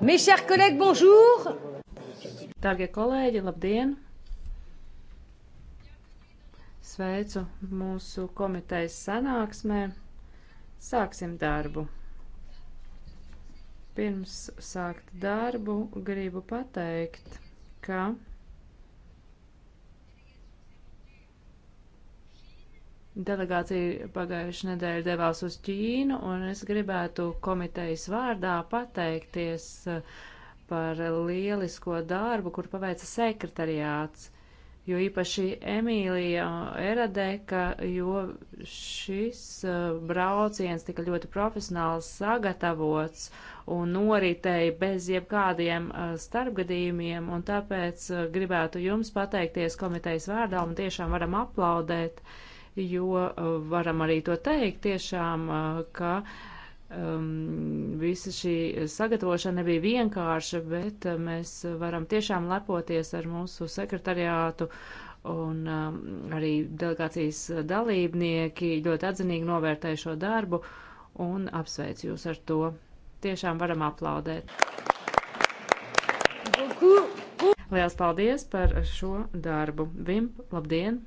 Mes chers collègues, bonjour! Dārgie kolēģi, labdien! Sveicu mūsu komitejas sanāksmē. Sāksim darbu. Pirms sākt darbu, gribu pateikt, ka Delegācija pagājuši nedēļu devās uz Ķīnu, un es gribētu komitejas vārdā pateikties eh, par lielisko darbu, kur paveica sekretariāts, jo īpaši Emīlija Eradeka, jo šis eh, brauciens tika ļoti profesionāli sagatavots un noritēja bez jebkādiem eh, starpgadījumiem, un tāpēc gribētu jums pateikties komitejas vārdā, un tiešām varam aplaudēt. Uh, jo uh, varam arī to teikt tiešām, uh, ka um, visa šī sagatavošana nebija vienkārša, bet uh, mēs varam tiešām lepoties ar mūsu sekretariātu un um, arī delegācijas dalībnieki ļoti atzinīgi novērtēja šo darbu un apsveicu jūs ar to. Tiešām varam aplaudēt. Liels paldies par šo darbu. Vim, labdien!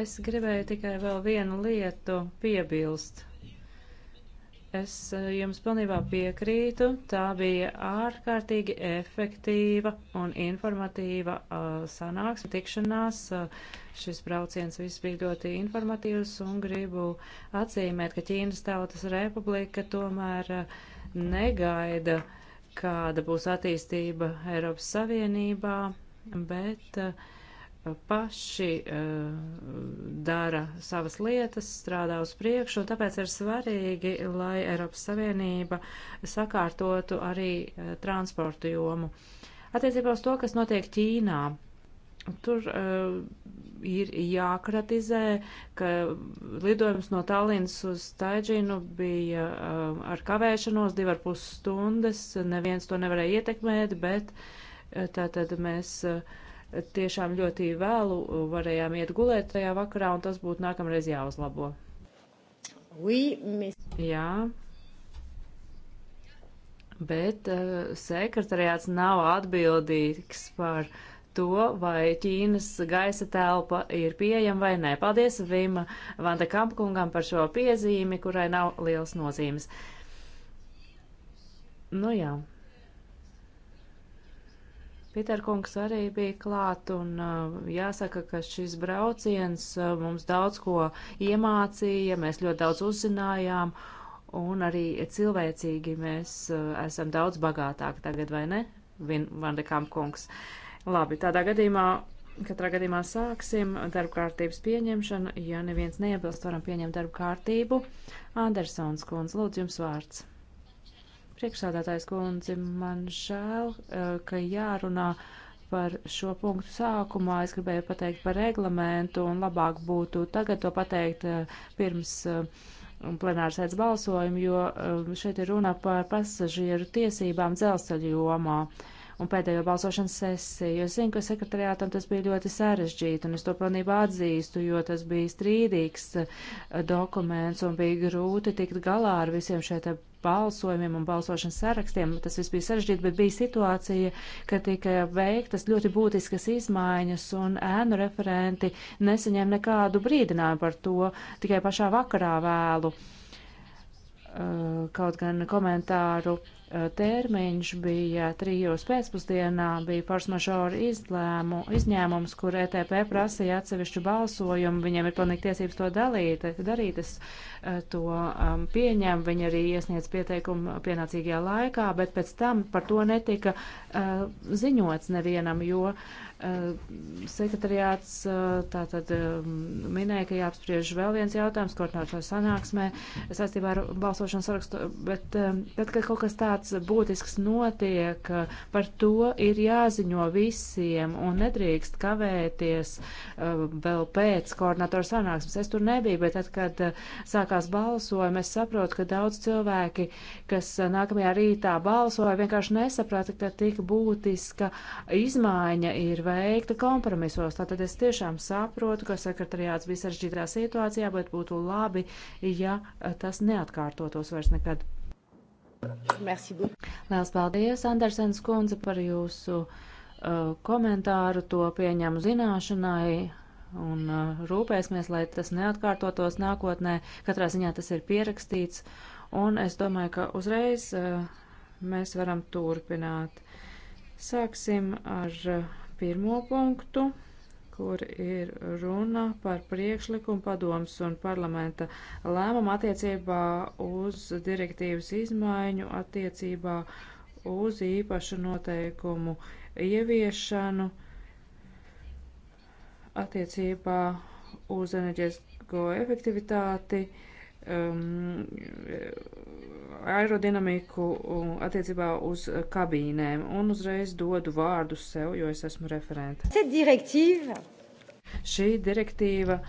Es gribēju tikai vēl vienu lietu piebilst. Es eh, jums pilnībā piekrītu, tā bija ārkārtīgi efektīva un informatīva uh, sanāksme, tikšanās. Uh, šis brauciens viss bija ļoti informatīvs un gribu atzīmēt, ka Ķīnas Tautas Republika tomēr uh, negaida, kāda būs attīstība Eiropas Savienībā, bet. Uh, paši uh, dara savas lietas, strādā uz priekšu, un tāpēc ir svarīgi, lai Eiropas Savienība sakārtotu arī uh, transportu jomu. Attiecībā uz to, kas notiek Ķīnā, tur uh, ir jākratizē, ka lidojums no Tallinas uz Taidžinu bija uh, ar kavēšanos divar pus stundas, neviens to nevarēja ietekmēt, bet uh, tātad mēs. Uh, tiešām ļoti vēlu varējām iet gulēt tajā vakarā, un tas būtu nākamreiz jāuzlabo. Oui, mais... Jā. Bet uh, sekretariāts nav atbildīgs par to, vai Ķīnas gaisa telpa ir pieejama vai nē. Paldies Vima Vanda Kampkungam par šo piezīmi, kurai nav liels nozīmes. Nu jā. Pieterkungs arī bija klāt, un uh, jāsaka, ka šis brauciens uh, mums daudz ko iemācīja, mēs ļoti daudz uzzinājām, un arī cilvēcīgi mēs uh, esam daudz bagātāki tagad, vai ne, Vandekām kungs? Labi, tādā gadījumā, katrā gadījumā sāksim darba kārtības pieņemšanu. Ja neviens neiebilst, varam pieņemt darba kārtību. Andersons kundze, lūdzu jums vārds. Priekšsādātājs kundze, man žēl, eh, ka jārunā par šo punktu sākumā. Es gribēju pateikt par reglamentu un labāk būtu tagad to pateikt eh, pirms eh, plenāras sēdz balsojumu, jo šeit ir runa par pasažieru tiesībām dzelzceļa jomā. Uh, un pēdējo balsošanas sesiju. Es zinu, ka sekretariātam tas bija ļoti sarežģīti, un es to pilnībā atzīstu, jo tas bija strīdīgs eh, dokuments un bija grūti tikt galā ar visiem šeit balsojumiem un balsošanas sarakstiem. Tas viss bija sarežģīti, bet bija situācija, ka tika veiktas ļoti būtiskas izmaiņas un ēnu referenti nesaņēma nekādu brīdinājumu par to tikai pašā vakarā vēlu. Eh, kaut gan komentāru Eh, termiņš bija trijos pēcpusdienā, bija forsmažora izlēmu, izņēmums, kur ETP prasīja atsevišķu balsojumu, viņiem ir pilnīgi tiesības to dalīt, darīt, es eh, to um, pieņēmu, viņi arī iesniedz pieteikumu pienācīgajā laikā, bet pēc tam par to netika uh, ziņots nevienam, jo uh, sekretariāts uh, tātad uh, minēja, ka jāapspriež vēl viens jautājums koordinātoru sanāksmē saistībā ar balsošanas sarakstu, bet uh, tad, kad kaut kas tāds kāds būtisks notiek, par to ir jāziņo visiem un nedrīkst kavēties uh, vēl pēc koordinatora sanāksmes. Es tur nebiju, bet tad, kad uh, sākās balsojumi, es saprotu, ka daudz cilvēki, kas uh, nākamajā rītā balsoja, vienkārši nesaprata, ka tik būtiska izmaiņa ir veikta kompromisos. Tātad es tiešām saprotu, ka sekretariāts bija sarežģītā situācijā, bet būtu labi, ja tas neatkārtotos vairs nekad. Lielas paldies, Andersens kundze, par jūsu uh, komentāru. To pieņemu zināšanai un uh, rūpēsimies, lai tas neatkārtotos nākotnē. Katrā ziņā tas ir pierakstīts. Un es domāju, ka uzreiz uh, mēs varam turpināt. Sāksim ar uh, pirmo punktu kur ir runa par priekšlikumu padoms un parlamenta lēmumu attiecībā uz direktīvas izmaiņu attiecībā uz īpašu noteikumu ieviešanu attiecībā uz enerģētisko efektivitāti uh, um, aerodinamiku um, attiecībā uz kabīnēm un uzreiz dodu vārdu sev, jo es esmu referente. Šī direktīva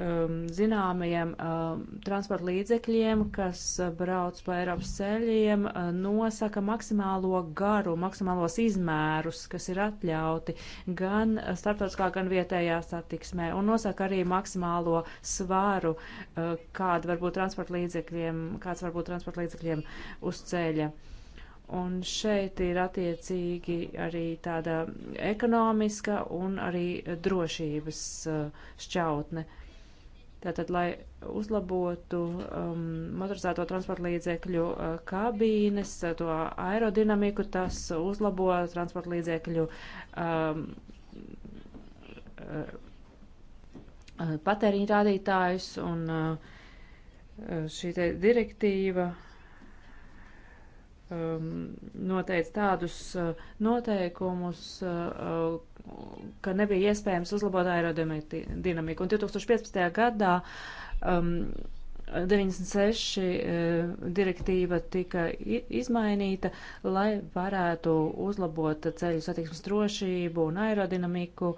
um, zināmajiem um, transporta līdzekļiem, kas uh, brauc pa Eiropas ceļiem, uh, nosaka maksimālo garu, maksimālos izmērus, kas ir atļauti gan uh, starptautiskā, gan vietējā satiksmē, un nosaka arī maksimālo svaru, uh, kāda varbūt transporta līdzekļiem, kāds varbūt transporta līdzekļiem uz ceļa. Un šeit ir attiecīgi arī tāda ekonomiska un arī drošības šķautne. Uh, Tātad, lai uzlabotu um, motorizēto transporta līdzekļu uh, kabīnes, uh, to aerodinamiku, tas uzlabo transporta līdzekļu um, uh, uh, patēriņu rādītājus un uh, šī te direktīva uh, Um, noteica tādus uh, noteikumus, uh, ka nebija iespējams uzlabot aerodinamiku. Un 2015. gadā um, 96 uh, direktīva tika izmainīta, lai varētu uzlabot ceļu satiksmes drošību un aerodinamiku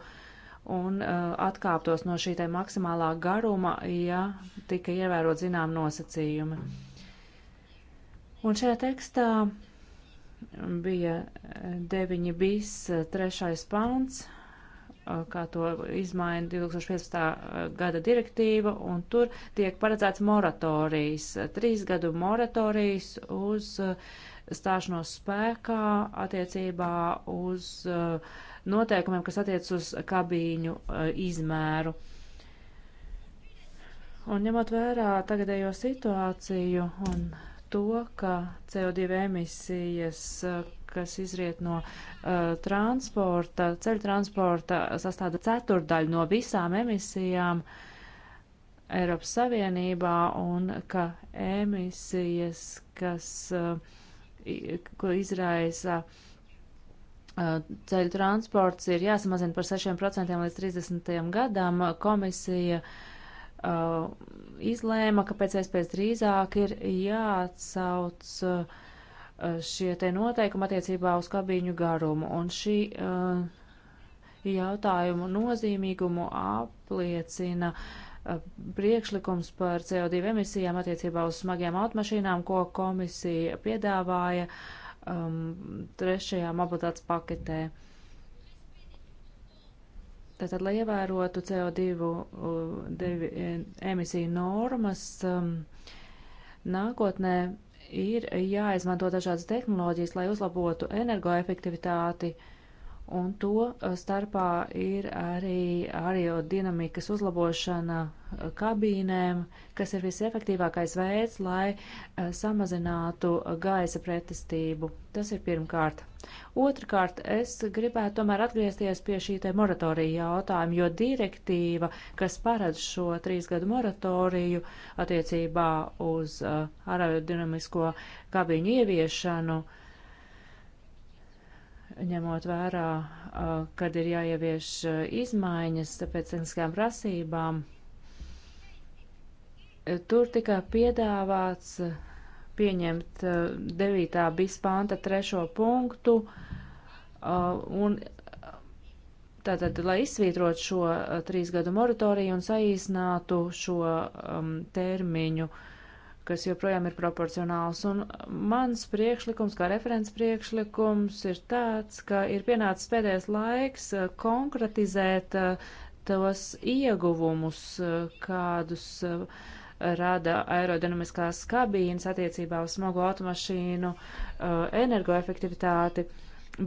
un atkāptos no šī te maksimālā garuma, ja tika ievērot zinām nosacījumi. Mm. Un šajā tekstā bija 9 eh, bis eh, trešais pants, eh, kā to izmaina 2015. gada direktīva, un tur tiek paredzēts moratorijas, trīs gadu moratorijas uz stāšanos spēkā attiecībā uz noteikumiem, kas attiec uz kabīņu izmēru. Un ņemot vērā tagadējo situāciju un to, ka CO2 emisijas, eh, kas izriet no uh, transporta, ceļu transporta, sastāda ceturdaļu no visām emisijām Eiropas Savienībā un ka emisijas, kas, uh, ko izraisa uh, ceļu transports ir jāsamazina par 6% līdz 30. gadam. Komisija uh, izlēma, ka pēc iespējas drīzāk ir jāatsauc uh, šie te noteikumi attiecībā uz kabīņu garumu. Un šī uh, jautājumu nozīmīgumu apliecina uh, priekšlikums par CO2 emisijām attiecībā uz smagajām automašīnām, ko komisija piedāvāja um, trešajā mobilitātes paketē. Uh, Tātad, lai ievērotu CO2 devi, e, emisiju normas, um, nākotnē ir jāizmanto dažādas tehnoloģijas, lai uzlabotu energoefektivitāti, un to e, starpā ir arī aerodinamikas uzlabošana e, kabīnēm, kas ir visefektīvākais veids, lai samazinātu gaisa pretestību. Tas ir pirmkārt. Otrakārt, es gribētu tomēr atgriezties pie šī te moratorija jautājuma, jo direktīva, kas paredz šo trīs gadu moratoriju attiecībā uz uh, aerodinamisko kabīņu ieviešanu, ņemot vērā, uh, kad ir jāievieš uh, izmaiņas pēc tehniskajām prasībām, tur tikai piedāvāts uh, pieņemt 9. Eh, bispanta trešo punktu eh, un tātad, lai izsvītrot šo eh, trīs gadu moratoriju un saīsinātu šo um, termiņu, kas joprojām ir proporcionāls. Un mans priekšlikums, kā referents priekšlikums, ir tāds, ka ir pienācis pēdējais laiks uh, konkretizēt uh, tos ieguvumus, uh, kādus. Uh, rada aerodinamiskās kabīnes attiecībā uz smagu automašīnu uh, energoefektivitāti,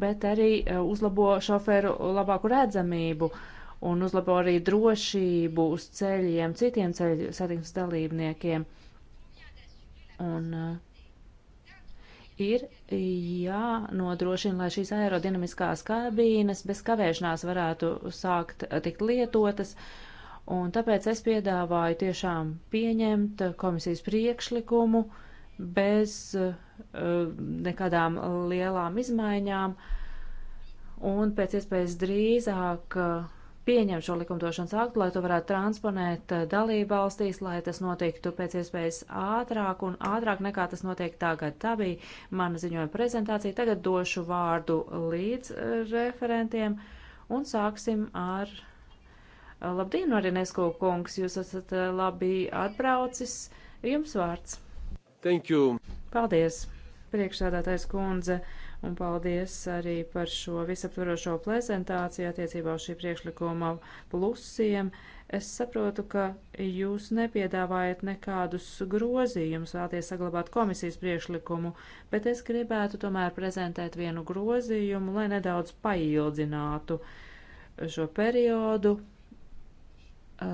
bet arī uh, uzlabo šoferu labāku redzamību un uzlabo arī drošību uz ceļiem citiem ceļu satiksmes dalībniekiem. Un uh, ir jānodrošina, lai šīs aerodinamiskās kabīnes bez kavēšanās varētu sākt tikt lietotas. Uh, Un tāpēc es piedāvāju tiešām pieņemt komisijas priekšlikumu bez uh, nekādām lielām izmaiņām un pēc iespējas drīzāk uh, pieņemt šo likumdošanas aktu, lai to varētu transponēt uh, dalību valstīs, lai tas notiktu pēc iespējas ātrāk un ātrāk nekā tas notiek tagad. Tā bija mana ziņojuma prezentācija. Tagad došu vārdu līdz referentiem un sāksim ar. Eh, labdien, Marinesko kungs, jūs esat eh, labi atbraucis. Jums vārds. Thank you. Paldies, priekšsādātais kundze, un paldies arī par šo visaptvarošo prezentāciju attiecībā uz šī priekšlikuma plusiem. Es saprotu, ka jūs nepiedāvājat nekādus grozījumus, vēlaties saglabāt komisijas priekšlikumu, bet es gribētu tomēr prezentēt vienu grozījumu, lai nedaudz paildzinātu šo periodu Eh,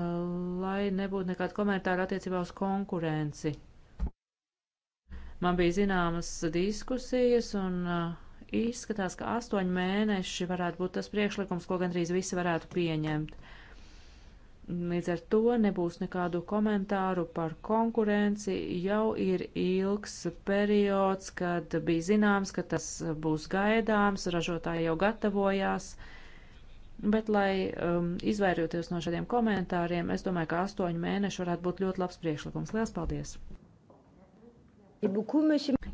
lai nebūtu nekāda komentāra attiecībā uz konkurenci. Man bija zināmas diskusijas, un eh, izskatās, ka astoņi mēneši varētu būt tas priekšlikums, ko gandrīz visi varētu pieņemt. Līdz ar to nebūs nekādu komentāru par konkurenci. Jau ir ilgs periods, kad bija zināms, ka tas būs gaidāms, ražotāji jau gatavojās. Uh, Bet, lai um, izvairoties no šādiem komentāriem, es domāju, ka astoņu mēnešu varētu būt ļoti labs priekšlikums. Lielas paldies!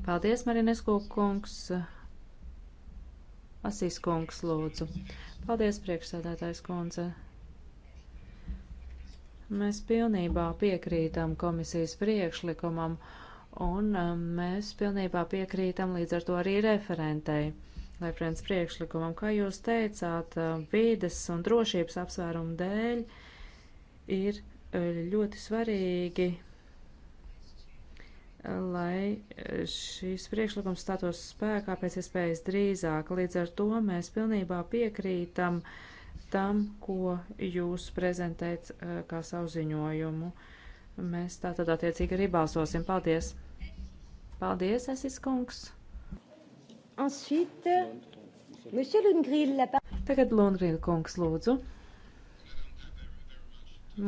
Paldies, Marinesko kungs! Asīs kungs, lūdzu! Paldies, priekšsēdētājs kundze! Mēs pilnībā piekrītam komisijas priekšlikumam, un um, mēs pilnībā piekrītam līdz ar to arī referentei referents priekšlikumam. Kā jūs teicāt, eh, vīdes un drošības apsvērumu dēļ ir eh, ļoti svarīgi, eh, lai šīs priekšlikums status spēkā pēc iespējas drīzāk. Līdz ar to mēs pilnībā piekrītam tam, ko jūs prezentējat kā savu ziņojumu. Mēs tātad attiecīgi arī balsosim. Paldies! Paldies, Esis kungs! Ensuite, Monsieur Lundgren, la parole. Tagad Lundgren kungs lūdzu.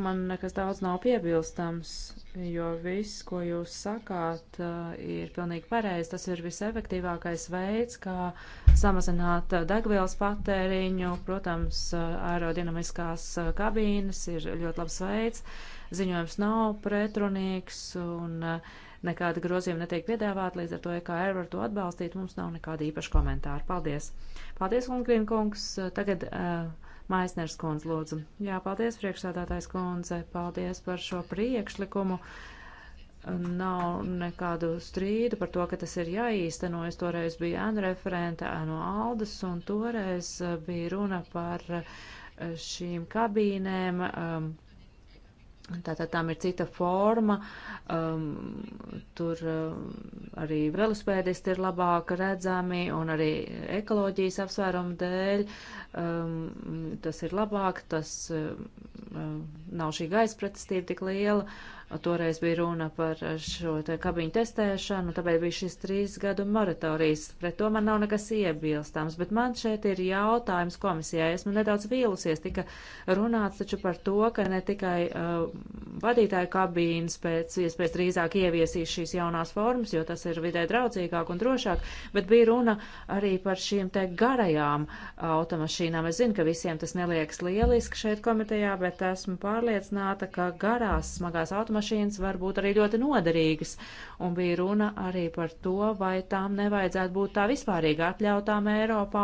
Man nekas daudz nav piebilstams, jo viss, ko jūs sakāt, eh, ir pilnīgi pareizi. Tas ir visefektīvākais veids, kā samazināt eh, degvielas patēriņu. Protams, eh, aerodinamiskās kabīnes ir ļoti labs veids. Ziņojums nav pretrunīgs un uh, nekāda grozījuma netiek piedāvāta, līdz ar to EKR var to atbalstīt, mums nav nekāda īpaša komentāra. Paldies! Paldies, Lungrīn kungs! Tagad uh, Maisners kundze lūdzu. Jā, paldies, priekšsādātājs kundze, paldies par šo priekšlikumu nav nekādu strīdu par to, ka tas ir jāīsteno. Es toreiz biju ēnu referente no Aldas, un toreiz uh, bija runa par uh, šīm kabīnēm, um, Tātad tām ir cita forma, um, tur um, arī velospēdisti ir labāk redzami un arī ekoloģijas apsvērumu dēļ um, tas ir labāk, tas um, nav šī gaisa pretestība tik liela. Toreiz bija runa par šo te kabiņu testēšanu, tāpēc bija šis trīs gadu moratorijas. Pret to man nav nekas iebilstams, bet man šeit ir jautājums komisijai. Esmu nedaudz vīlusies, tika runāts taču par to, ka ne tikai uh, vadītāju kabīnes pēc iespējas drīzāk ieviesīs šīs jaunās formas, jo tas ir vidē draudzīgāk un drošāk, bet bija runa arī par šīm te garajām uh, automašīnām. Es zinu, ka visiem tas neliekas lieliski šeit komitejā, bet esmu pārliecināts pārliecināta, ka garās smagās automašīnas var būt arī ļoti noderīgas, un bija runa arī par to, vai tām nevajadzētu būt tā vispārīgi atļautām Eiropā,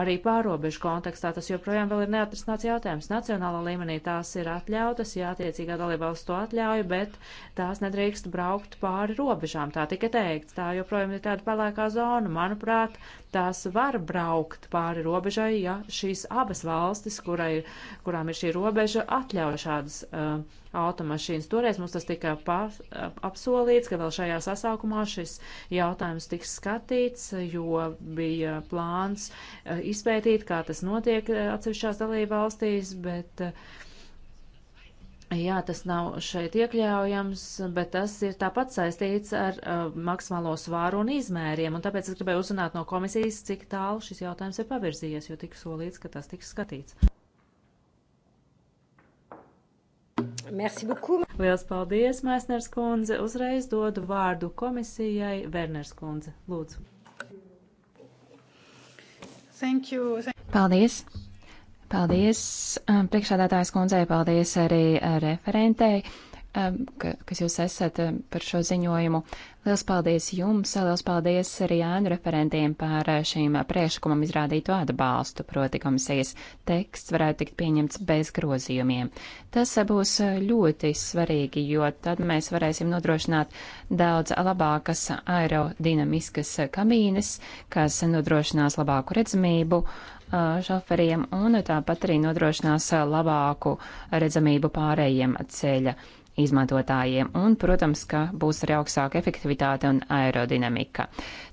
arī pārobežu kontekstā. Tas joprojām vēl ir neatrisināts jautājums. Nacionālā līmenī tās ir atļautas, jā, attiecīgā dalībvalsts to atļauj, bet tās nedrīkst braukt pāri robežām. Tā tika teikts, tā joprojām ir tāda pelēkā zona. Manuprāt, tās var braukt pāri robežai, ja šīs abas valstis, kurai, kurām ir šī robeža, atļauj šādas uh, automašīnas. Toreiz mums tas tika pār, apsolīts, ka vēl šajā sasaukumā šis jautājums tiks skatīts, jo bija plāns eh, izpētīt, kā tas notiek eh, atsevišķās dalība valstīs, bet. Eh, jā, tas nav šeit iekļaujams, bet tas ir tāpat saistīts ar uh, maksimālo svāru un izmēriem, un tāpēc es gribēju uzzināt no komisijas, cik tālu šis jautājums ir pavirzījies, jo tika solīts, ka tas tiks skatīts. Merci beaucoup. Liels paldies, Maisners kundze. Uzreiz dodu vārdu komisijai Verners kundze. Lūdzu. Thank you. Thank you. Paldies. Paldies um, priekšādātājs kundzei, paldies arī uh, referentei. Um, ka, kas jūs esat um, par šo ziņojumu. Liels paldies jums, liels paldies arī ēnu referentiem par uh, šīm uh, priekšlikumam izrādīto atbalstu, proti komisijas teksts varētu tikt pieņemts bez grozījumiem. Tas uh, būs ļoti svarīgi, jo tad mēs varēsim nodrošināt daudz labākas aerodinamiskas kabīnes, kas nodrošinās labāku redzamību šoferiem un tāpat arī nodrošinās labāku redzamību pārējiem ceļa izmantotājiem, un, protams, ka būs arī augstāka efektivitāte un aerodinamika.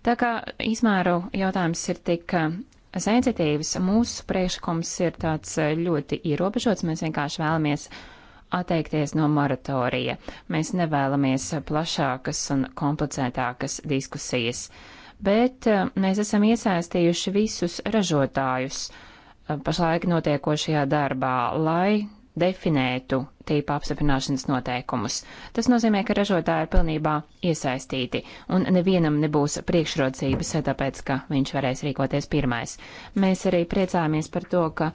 Tā kā izmēru jautājums ir tik eh, sensitīvs, mūsu priekšlikums ir tāds eh, ļoti ierobežots, mēs vienkārši vēlamies atteikties no moratorija. Mēs nevēlamies plašākas un komplicētākas diskusijas, bet eh, mēs esam iesaistījuši visus ražotājus pašlaik notiekošajā darbā, lai definētu tīpa apstiprināšanas noteikumus. Tas nozīmē, ka ražotāji ir pilnībā iesaistīti un nevienam nebūs priekšrocības, tāpēc, ka viņš varēs rīkoties pirmais. Mēs arī priecājamies par to, ka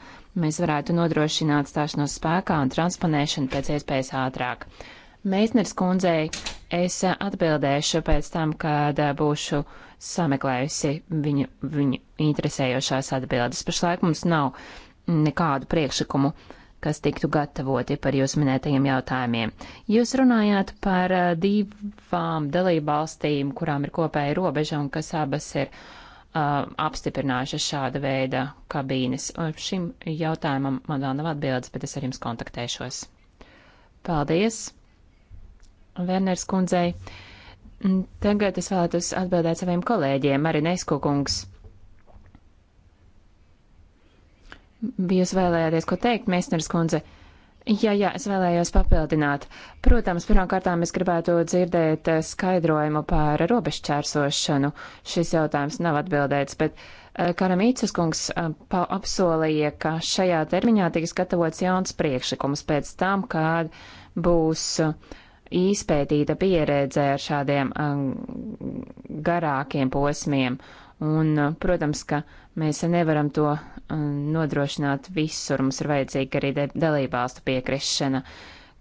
mēs varētu nodrošināt stāšanos spēkā un transponēšanu pēc iespējas ātrāk. Meisners kundzei es atbildēšu pēc tam, kad būšu sameklējusi viņu, viņu interesējošās atbildes. Pašlaik mums nav nekādu priekšlikumu kas tiktu gatavoti par jūs minētajiem jautājumiem. Jūs runājāt par divām dalībvalstīm, kurām ir kopēja robeža un kas abas ir uh, apstiprinājušas šāda veida kabīnes. Un šim jautājumam man vēl nav atbildes, bet es ar jums kontaktēšos. Paldies, Verners kundzei. Tagad es vēlētos atbildēt saviem kolēģiem, arī Neskokungs Jūs vēlējāties ko teikt, Mēsners kundze? Jā, jā, es vēlējos papildināt. Protams, pirmkārtām es gribētu dzirdēt eh, skaidrojumu par robežķērsošanu. Šis jautājums nav atbildēts, bet eh, Karamīcas kungs eh, apsolīja, ka šajā termiņā tiks gatavots jauns priekšlikums pēc tam, kad būs izpētīta pieredze ar šādiem garākiem posmiem Un, uh, protams, ka mēs nevaram to uh, nodrošināt visur. Mums ir vajadzīga arī dalībvalstu piekrišana.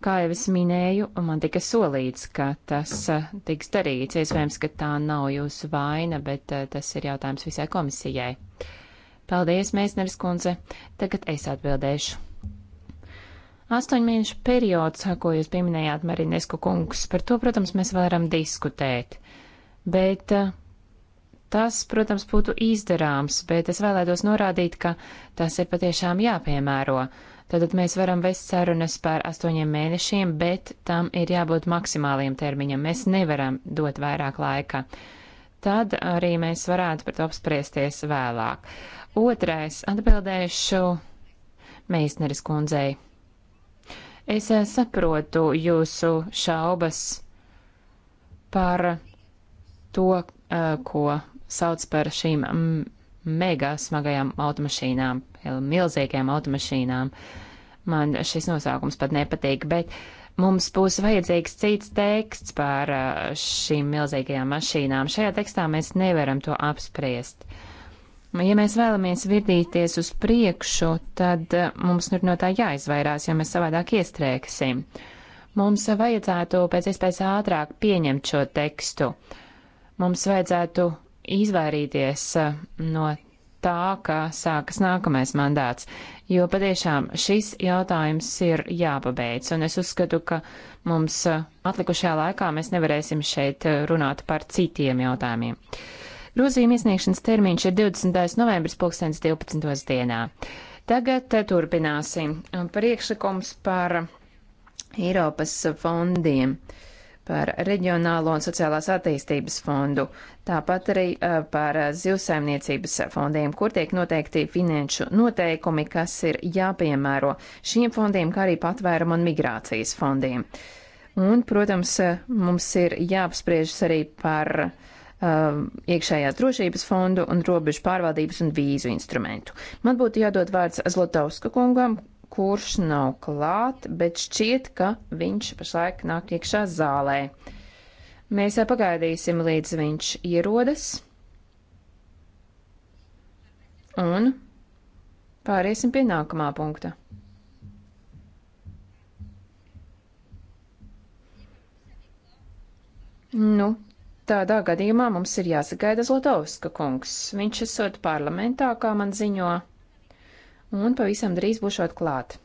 Kā jau es minēju, man tika solīts, ka tas uh, tiks darīts. Iespējams, ka tā nav jūsu vaina, bet tas ir jautājums visai komisijai. Paldies, Mēsneris kundze. Tagad es atbildēšu. Astoņu mēnešu periods, ko jūs pieminējāt, Marinesku kungs, par to, protams, mēs varam diskutēt. Bet uh, Tas, protams, būtu izdarāms, bet es vēlētos norādīt, ka tas ir patiešām jāpiemēro. Tātad mēs varam vest sarunas par astoņiem mēnešiem, bet tam ir jābūt maksimāliem termiņam. Mēs nevaram dot vairāk laika. Tad arī mēs varētu par to apspriesties vēlāk. Otrais atbildēšu Meisneris kundzei. Es eh, saprotu jūsu šaubas par to, eh, ko sauc par šīm mega smagajām automašīnām, milzīgajām automašīnām. Man šis nosaukums pat nepatīk, bet mums būs vajadzīgs cits teksts par šīm milzīgajām mašīnām. Šajā tekstā mēs nevaram to apspriest. Ja mēs vēlamies virzīties uz priekšu, tad mums ir nu no tā jāizvairās, jo mēs savādāk iestrēgsim. Mums vajadzētu pēc iespējas ātrāk pieņemt šo tekstu. Mums vajadzētu izvairīties eh, no tā, ka sākas nākamais mandāts, jo patiešām šis jautājums ir jāpabeidz, un es uzskatu, ka mums eh, atlikušajā laikā mēs nevarēsim šeit eh, runāt par citiem jautājumiem. Grozījuma iesniegšanas termiņš ir 20. novembris 2012. dienā. Tagad turpināsim. Priekšlikums par Eiropas fondiem. Uh, par reģionālo un sociālās attīstības fondu, tāpat arī par zivsaimniecības fondiem, kur tiek noteikti finanšu noteikumi, kas ir jāpiemēro šiem fondiem, kā arī patvērumu un migrācijas fondiem. Un, protams, mums ir jāapspriežas arī par iekšējās drošības fondu un robežu pārvaldības un vīzu instrumentu. Man būtu jādod vārds Zlotauska kungam, kurš nav klāt, bet šķiet, ka viņš pašlaik nāk iekšā zālē. Mēs pagaidīsim, līdz viņš ierodas. Un pāriesim pie nākamā punkta. Nu, tādā gadījumā mums ir jāsagaida Zlotovska kungs. Viņš esot parlamentā, kā man ziņo un pavisam drīz būšot klāt.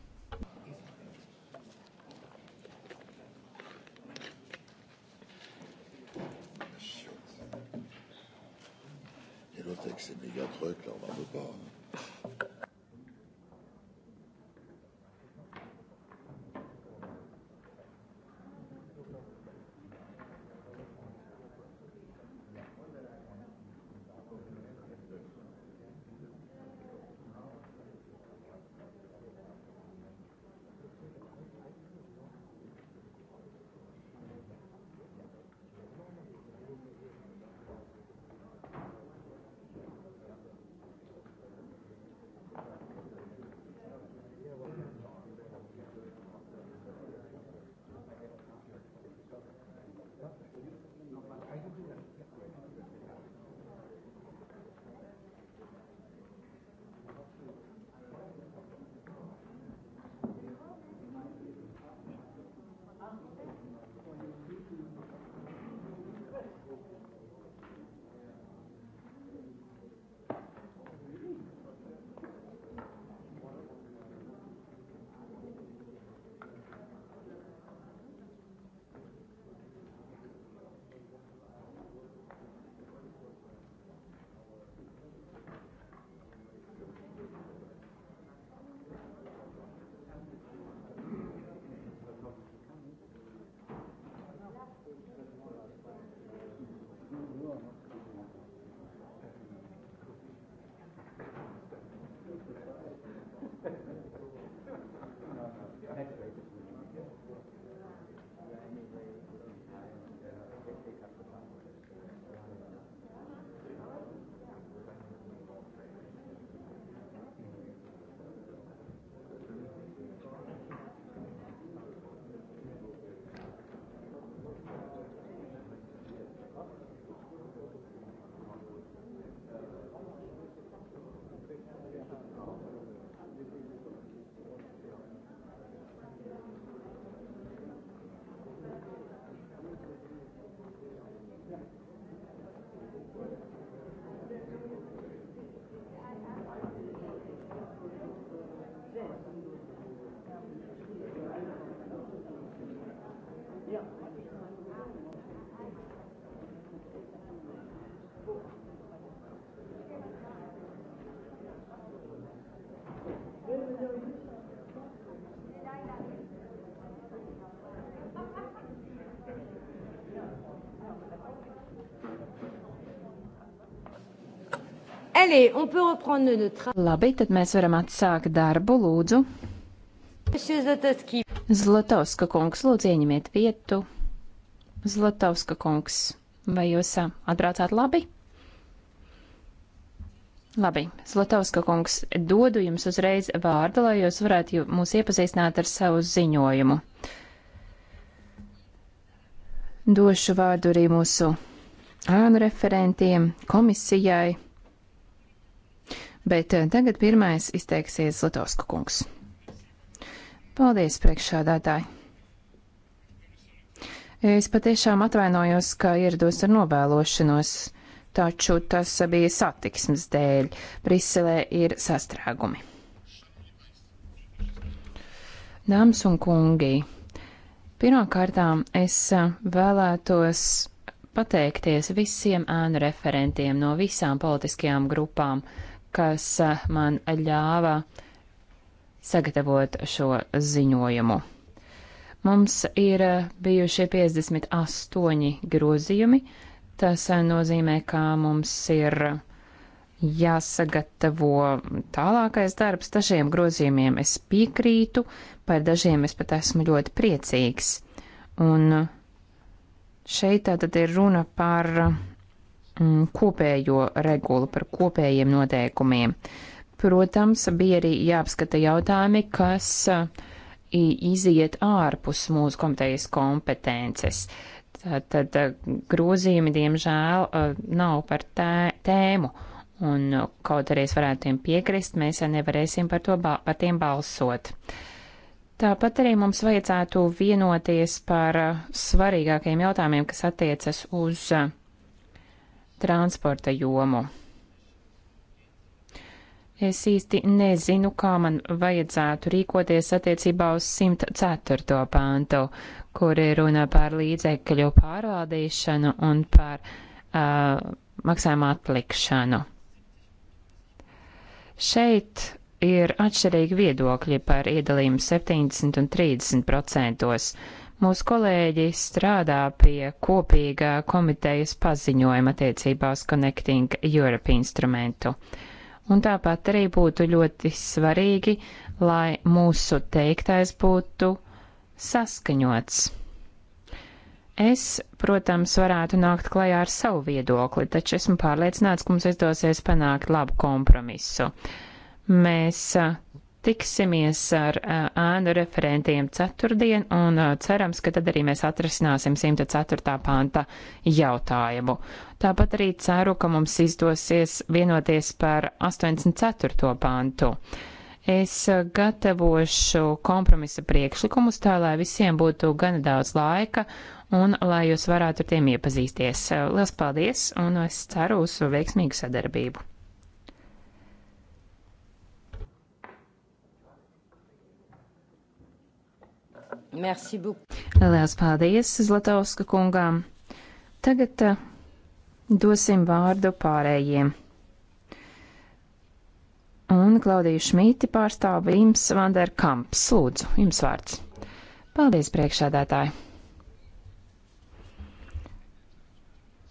Allez, on peut reprendre notre... Labi, tad mēs varam atsākt darbu, lūdzu. Zlatovska kungs, lūdzu, ieņemiet vietu. Zlatovska kungs, vai jūs atbraucāt labi? Labi, Zlatovska kungs, dodu jums uzreiz vārdu, lai jūs varētu mūs iepazīstināt ar savu ziņojumu. Došu vārdu arī mūsu ānu referentiem, komisijai bet eh, tagad pirmais izteiksies Latovska kungs. Paldies, priekšādātāji! Es patiešām atvainojos, ka ierados ar novēlošanos, taču tas bija satiksmes dēļ. Briselē ir sastrēgumi. Dāmas un kungi, pirmkārtām es eh, vēlētos pateikties visiem ēnu referentiem no visām politiskajām grupām, kas eh, man ļāva sagatavot šo ziņojumu. Mums ir eh, bijušie 58 grozījumi. Tas eh, nozīmē, ka mums ir jāsagatavo tālākais darbs. Dažiem grozījumiem es piekrītu, par dažiem es pat esmu ļoti priecīgs. Un šeit tātad ir runa par Mm, kopējo regulu, par kopējiem noteikumiem. Protams, bija arī jāapskata jautājumi, kas uh, iziet ārpus mūsu komitejas kompetences. Tad uh, grozījumi, diemžēl, uh, nav par tē, tēmu, un kaut arī es varētu tiem piekrist, mēs nevarēsim par, to, par tiem balsot. Tāpat arī mums vajadzētu vienoties par svarīgākajiem jautājumiem, kas attiecas uz uh, transporta jomu. Es īsti nezinu, kā man vajadzētu rīkoties attiecībā uz 104. pāntu, kur ir runa par līdzekļu pārvaldīšanu un par uh, maksājumu atlikšanu. Šeit ir atšķirīgi viedokļi par iedalījumu 70 un 30 procentos. Uh, Mūsu kolēģi strādā pie kopīga komitejas paziņojuma attiecībā uz Connecting Europe instrumentu. Un tāpat arī būtu ļoti svarīgi, lai mūsu teiktais būtu saskaņots. Es, protams, varētu nākt klajā ar savu viedokli, taču esmu pārliecināts, ka mums izdosies panākt labu kompromisu. Mēs tiksimies ar ēnu referentiem ceturtdien un cerams, ka tad arī mēs atrasināsim 104. panta jautājumu. Tāpat arī ceru, ka mums izdosies vienoties par 84. pantu. Es gatavošu kompromisa priekšlikumus tā, lai visiem būtu gana daudz laika un lai jūs varētu ar tiem iepazīties. Lielas paldies un es ceru uz veiksmīgu sadarbību. Merci beaucoup. Lielas paldies Zlatovska kungām. Tagad uh, dosim vārdu pārējiem. Un Klaudiju Šmīti pārstāv Vims Vanderkamps. Lūdzu, jums vārds. Paldies, priekšādātāji!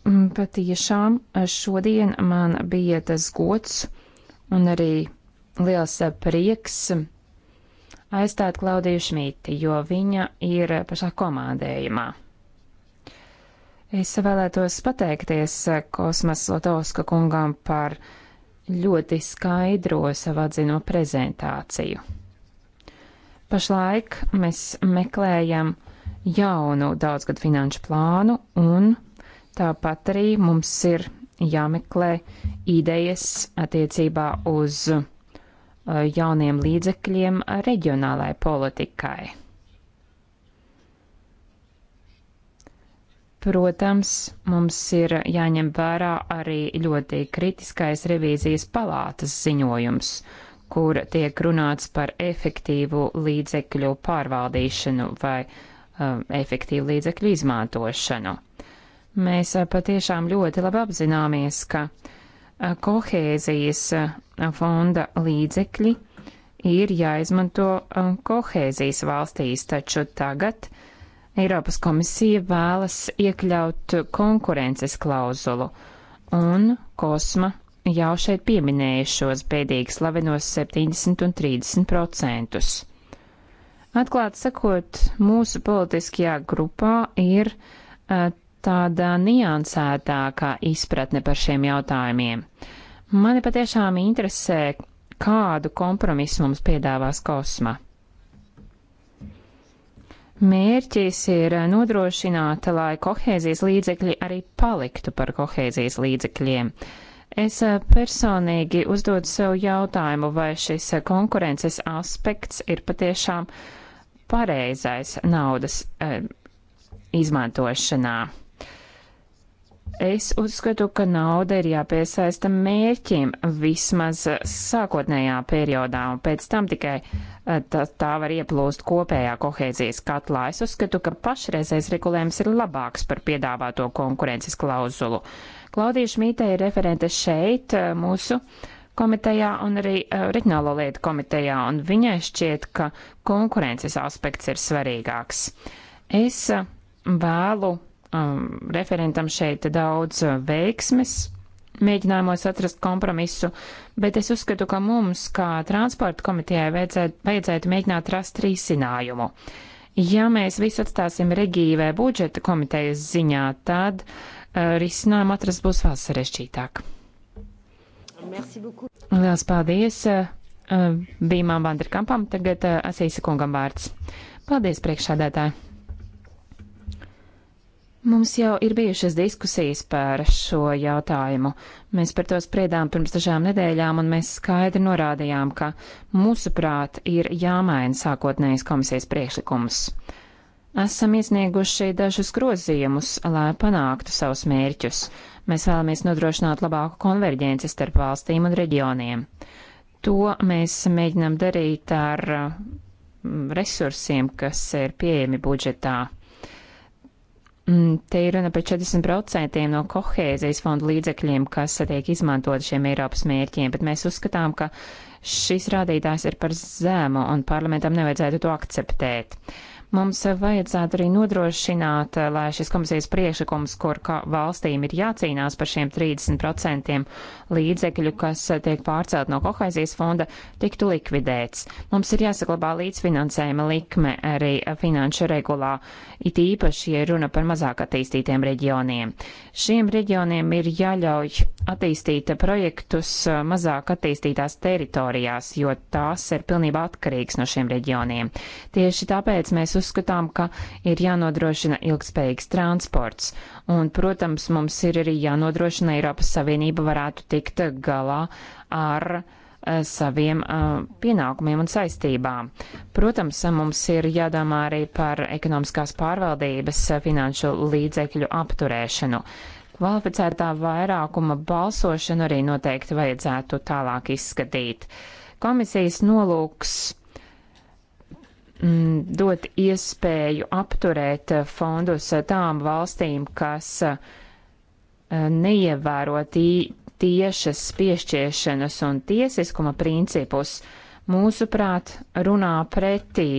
Mm, patiešām eh, šodien man bija tas gods un arī liels eh, prieks aizstāt Klaudiju Šmīti, jo viņa ir pašā komandējumā. Es vēlētos pateikties Kosmas Lotovska kungam par ļoti skaidro savadzino prezentāciju. Pašlaik mēs meklējam jaunu daudzgad finanšu plānu un tāpat arī mums ir jāmeklē idejas attiecībā uz uh, Eh, jauniem līdzekļiem reģionālai politikai. Protams, mums ir jāņem vērā arī ļoti kritiskais revīzijas palātas ziņojums, kur tiek runāts par efektīvu līdzekļu pārvaldīšanu vai um, efektīvu līdzekļu izmantošanu. Mēs eh, patiešām ļoti labi apzināmies, ka kohēzijas fonda līdzekļi ir jāizmanto kohēzijas valstīs, taču tagad Eiropas komisija vēlas iekļaut konkurences klauzulu, un kosma jau šeit pieminēja šos bēdīgi slavenos 70 un 30 procentus. Atklāt sakot, mūsu politiskajā grupā ir tāda niansētākā izpratne par šiem jautājumiem. Uh, Mani patiešām interesē, kādu kompromisu mums piedāvās kosmā. Mērķis ir nodrošināt, lai kohēzijas līdzekļi arī paliktu par kohēzijas līdzekļiem. Es eh, personīgi uzdodu sev jautājumu, vai šis eh, konkurences aspekts ir patiešām pareizais naudas e, izmantošanā. Es uzskatu, ka nauda ir jāpiesaista mērķiem vismaz sākotnējā periodā, un pēc tam tikai eh, tā, tā var ieplūst kopējā kohēzijas katlā. Es uzskatu, ka pašreizējais regulējums ir labāks par piedāvāto konkurences klauzulu. Klaudija Šmītē ir referente šeit eh, mūsu komitejā un arī eh, reģionālo lietu komitejā, un viņai šķiet, ka konkurences aspekts ir svarīgāks. Es vēlu um, referentam šeit daudz uh, veiksmes mēģinājumos atrast kompromisu, bet es uzskatu, ka mums, kā transporta komitejai, vajadzētu, vajadzētu mēģināt rast risinājumu. Ja mēs visu atstāsim regīvē budžeta komitejas ziņā, tad uh, risinājumu atrast būs vēl sarežģītāk. Lielas paldies uh, Bīmām uh, Vanderkampam, tagad uh, Asīsa kungam vārds. Paldies priekšādētāji! Mums jau ir bijušas diskusijas par šo jautājumu. Mēs par to spriedām pirms dažām nedēļām, un mēs skaidri norādījām, ka mūsuprāt ir jāmaina sākotnējais komisijas priekšlikums. Esam iesnieguši dažus grozījumus, lai panāktu savus mērķus. Mēs vēlamies nodrošināt labāku konverģenci starp valstīm un reģioniem. To mēs mēģinām darīt ar mm, resursiem, kas ir pieejami budžetā. Mm, te ir runa par 40% no kohēzijas fonda līdzekļiem, kas tiek izmantot šiem Eiropas mērķiem, bet mēs uzskatām, ka šis rādītājs ir par zēmu un parlamentam nevajadzētu to akceptēt. Uh, Mums vajadzētu arī nodrošināt, eh, lai šis komisijas priekšlikums, kur valstīm ir jācīnās par šiem 30% līdzekļu, kas eh, tiek pārcelt no kohēzijas fonda, tiktu likvidēts. Mums ir jāsaglabā līdzfinansējuma likme arī eh, finanšu regulā, it īpaši, ja runa par mazāk attīstītiem reģioniem. Šiem reģioniem ir jāļauj attīstīt projektus eh, mazāk attīstītās teritorijās, jo tās ir pilnībā atkarīgas no šiem reģioniem. Tieši tāpēc mēs uzskatām, ka ir jānodrošina ilgspējīgs transports, un, protams, mums ir arī jānodrošina Eiropas Savienība varētu tikt galā ar eh, saviem uh, pienākumiem un saistībām. Protams, mums ir jādomā arī par ekonomiskās pārvaldības finanšu līdzekļu apturēšanu. Uh, Kvalificētā vairākuma balsošanu arī noteikti vajadzētu tālāk izskatīt. Komisijas nolūks mm, dot iespēju apturēt fondus tām valstīm, kas eh, neievēro tī, tiešas piešķiešanas un tiesiskuma principus, mūsuprāt, runā pretī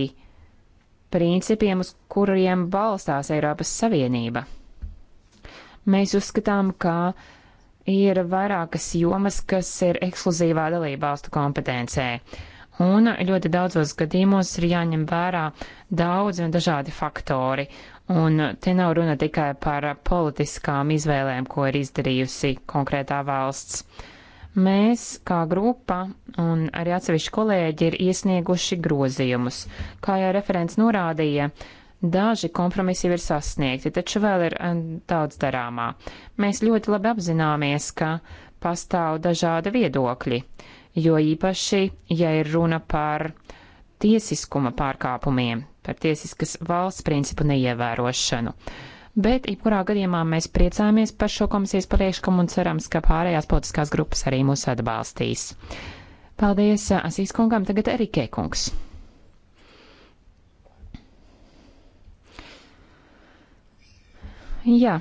principiem, uz kuriem balstās Eiropas Savienība. Mēs uzskatām, ka ir vairākas jomas, kas ir ekskluzīvā dalībvalstu kompetencē. Un ļoti daudzos gadījumos ir jāņem vērā daudzi un dažādi faktori. Un te nav runa tikai par politiskām izvēlēm, ko ir izdarījusi konkrētā valsts. Mēs, kā grupa un arī atsevišķi kolēģi, ir iesnieguši grozījumus. Kā jau referents norādīja, Daži kompromisi jau ir sasniegti, taču vēl ir eh, daudz darāmā. Mēs ļoti labi apzināmies, ka pastāv dažādi viedokļi, jo īpaši, ja ir runa par tiesiskuma pārkāpumiem, par tiesiskas valsts principu neievērošanu. Bet, jebkurā gadījumā, mēs priecājamies par šo komisijas priekšlikumu un cerams, ka pārējās politiskās grupas arī mūs atbalstīs. Paldies Asīs kungam, tagad Erikē kungs. Jā.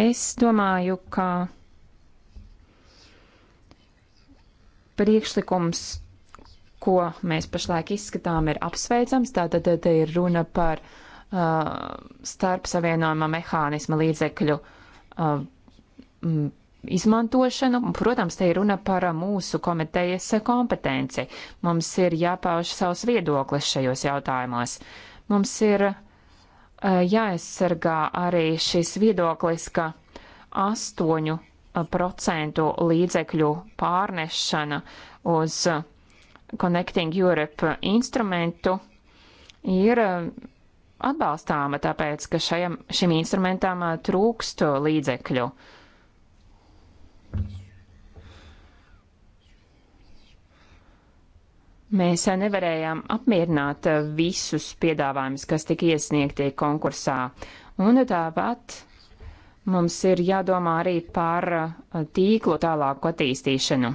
Es domāju, ka priekšlikums, ko mēs pašlaik izskatām, ir apsveicams. Tātad eh, te ir runa par uh, starpsavienojuma mehānisma līdzekļu uh, izmantošanu. Protams, te ir runa par mūsu komitejas kompetenci. Mums ir jāpauž savs viedoklis šajos jautājumos. Mums ir uh, Eh, jāaizsargā arī šis viedoklis, ka 8% eh, līdzekļu pārnešana uz eh, Connecting Europe instrumentu ir atbalstāma, tāpēc, ka šajam, šim instrumentam trūkst līdzekļu. Uh, Mēs nevarējām apmierināt visus piedāvājumus, kas tika iesniegti konkursā. Un tāpat mums ir jādomā arī par uh, tīklu tālāku attīstīšanu,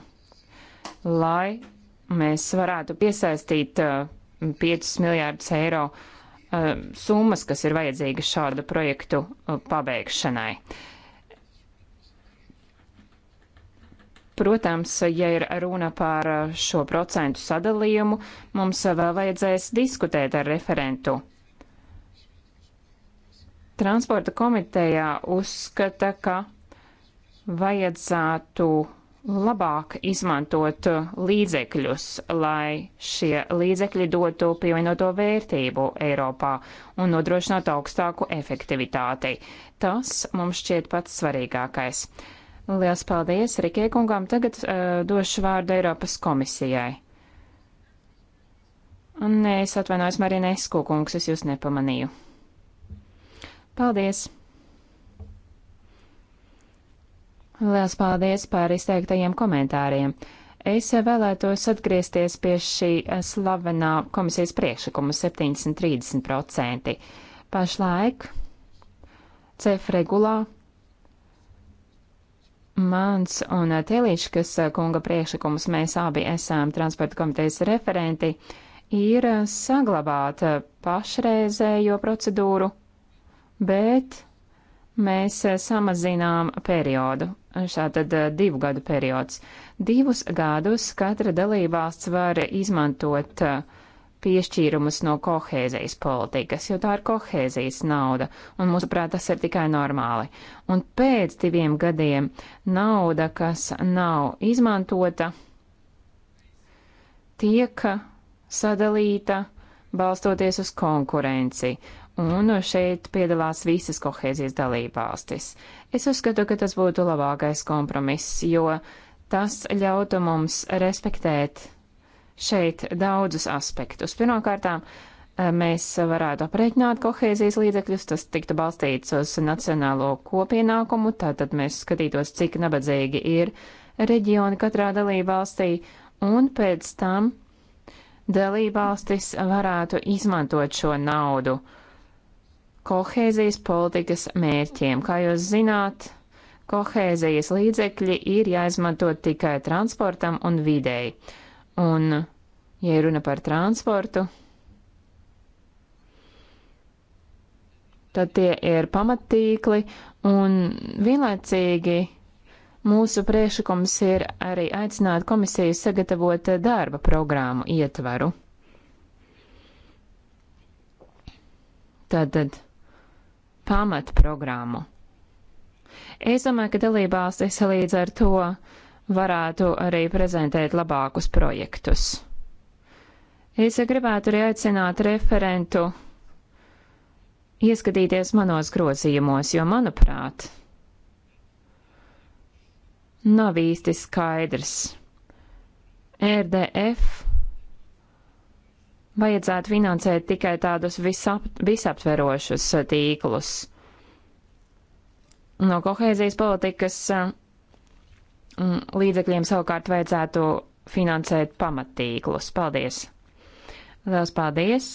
lai mēs varētu piesaistīt 5 uh, miljārdus eiro uh, summas, kas ir vajadzīgas šādu projektu pabeigšanai. Protams, ja ir runa par eh, šo procentu sadalījumu, mums eh, vēl vajadzēs diskutēt ar referentu. Transporta komitejā uzskata, ka vajadzētu labāk izmantot eh, līdzekļus, lai šie līdzekļi dotu pievienoto vērtību Eiropā un nodrošinātu augstāku efektivitāti. Tas mums šķiet pats svarīgākais. Lielas paldies Rikē kungām. Tagad uh, došu vārdu Eiropas komisijai. Un es atvainojos, Marina Esku kungs, es jūs nepamanīju. Paldies! Lielas paldies par izteiktajiem komentāriem. Es vēlētos atgriezties pie šī slavenā komisijas priekšlikuma 70-30%. Pašlaik CEF regulā mans un Teliškas kunga priekšlikumus, mēs abi esam transporta komitejas referenti, ir saglabāt pašreizējo procedūru, bet mēs samazinām periodu, tātad divu gadu periods. Divus gadus katra dalībvalsts var izmantot uh, piešķīrumus no kohēzijas politikas, jo tā ir kohēzijas nauda, un mūsuprāt tas ir tikai normāli. Un pēc diviem gadiem nauda, kas nav izmantota, tiek sadalīta balstoties uz konkurenci, un šeit piedalās visas kohēzijas dalībvalstis. Es uzskatu, ka tas būtu labākais kompromiss, jo tas ļautu mums respektēt šeit daudzus aspektus. Pirmkārtām, eh, mēs varētu aprēķināt kohēzijas līdzekļus, tas tiktu balstīts uz nacionālo kopienākumu, tātad mēs skatītos, cik nabadzīgi ir reģioni katrā dalībvalstī, un pēc tam dalībvalstis varētu izmantot šo naudu kohēzijas politikas mērķiem. Kā jūs zināt, kohēzijas līdzekļi ir jāizmanto tikai transportam un videi. Un, ja runa par transportu, tad tie ir pamatīkli un vienlaicīgi mūsu priešakums ir arī aicināt komisiju sagatavot darba programmu ietvaru. Tātad pamat programmu. Es domāju, ka dalībvalstis līdz ar to uh, varētu arī prezentēt labākus projektus. Es gribētu arī aicināt referentu ieskatīties manos grozījumos, jo, manuprāt, nav īsti skaidrs. RDF vajadzētu finansēt tikai tādus visap, visaptverošus tīklus. No kohēzijas politikas Līdzekļiem savukārt vajadzētu finansēt pamatīklus. Paldies! Liels paldies!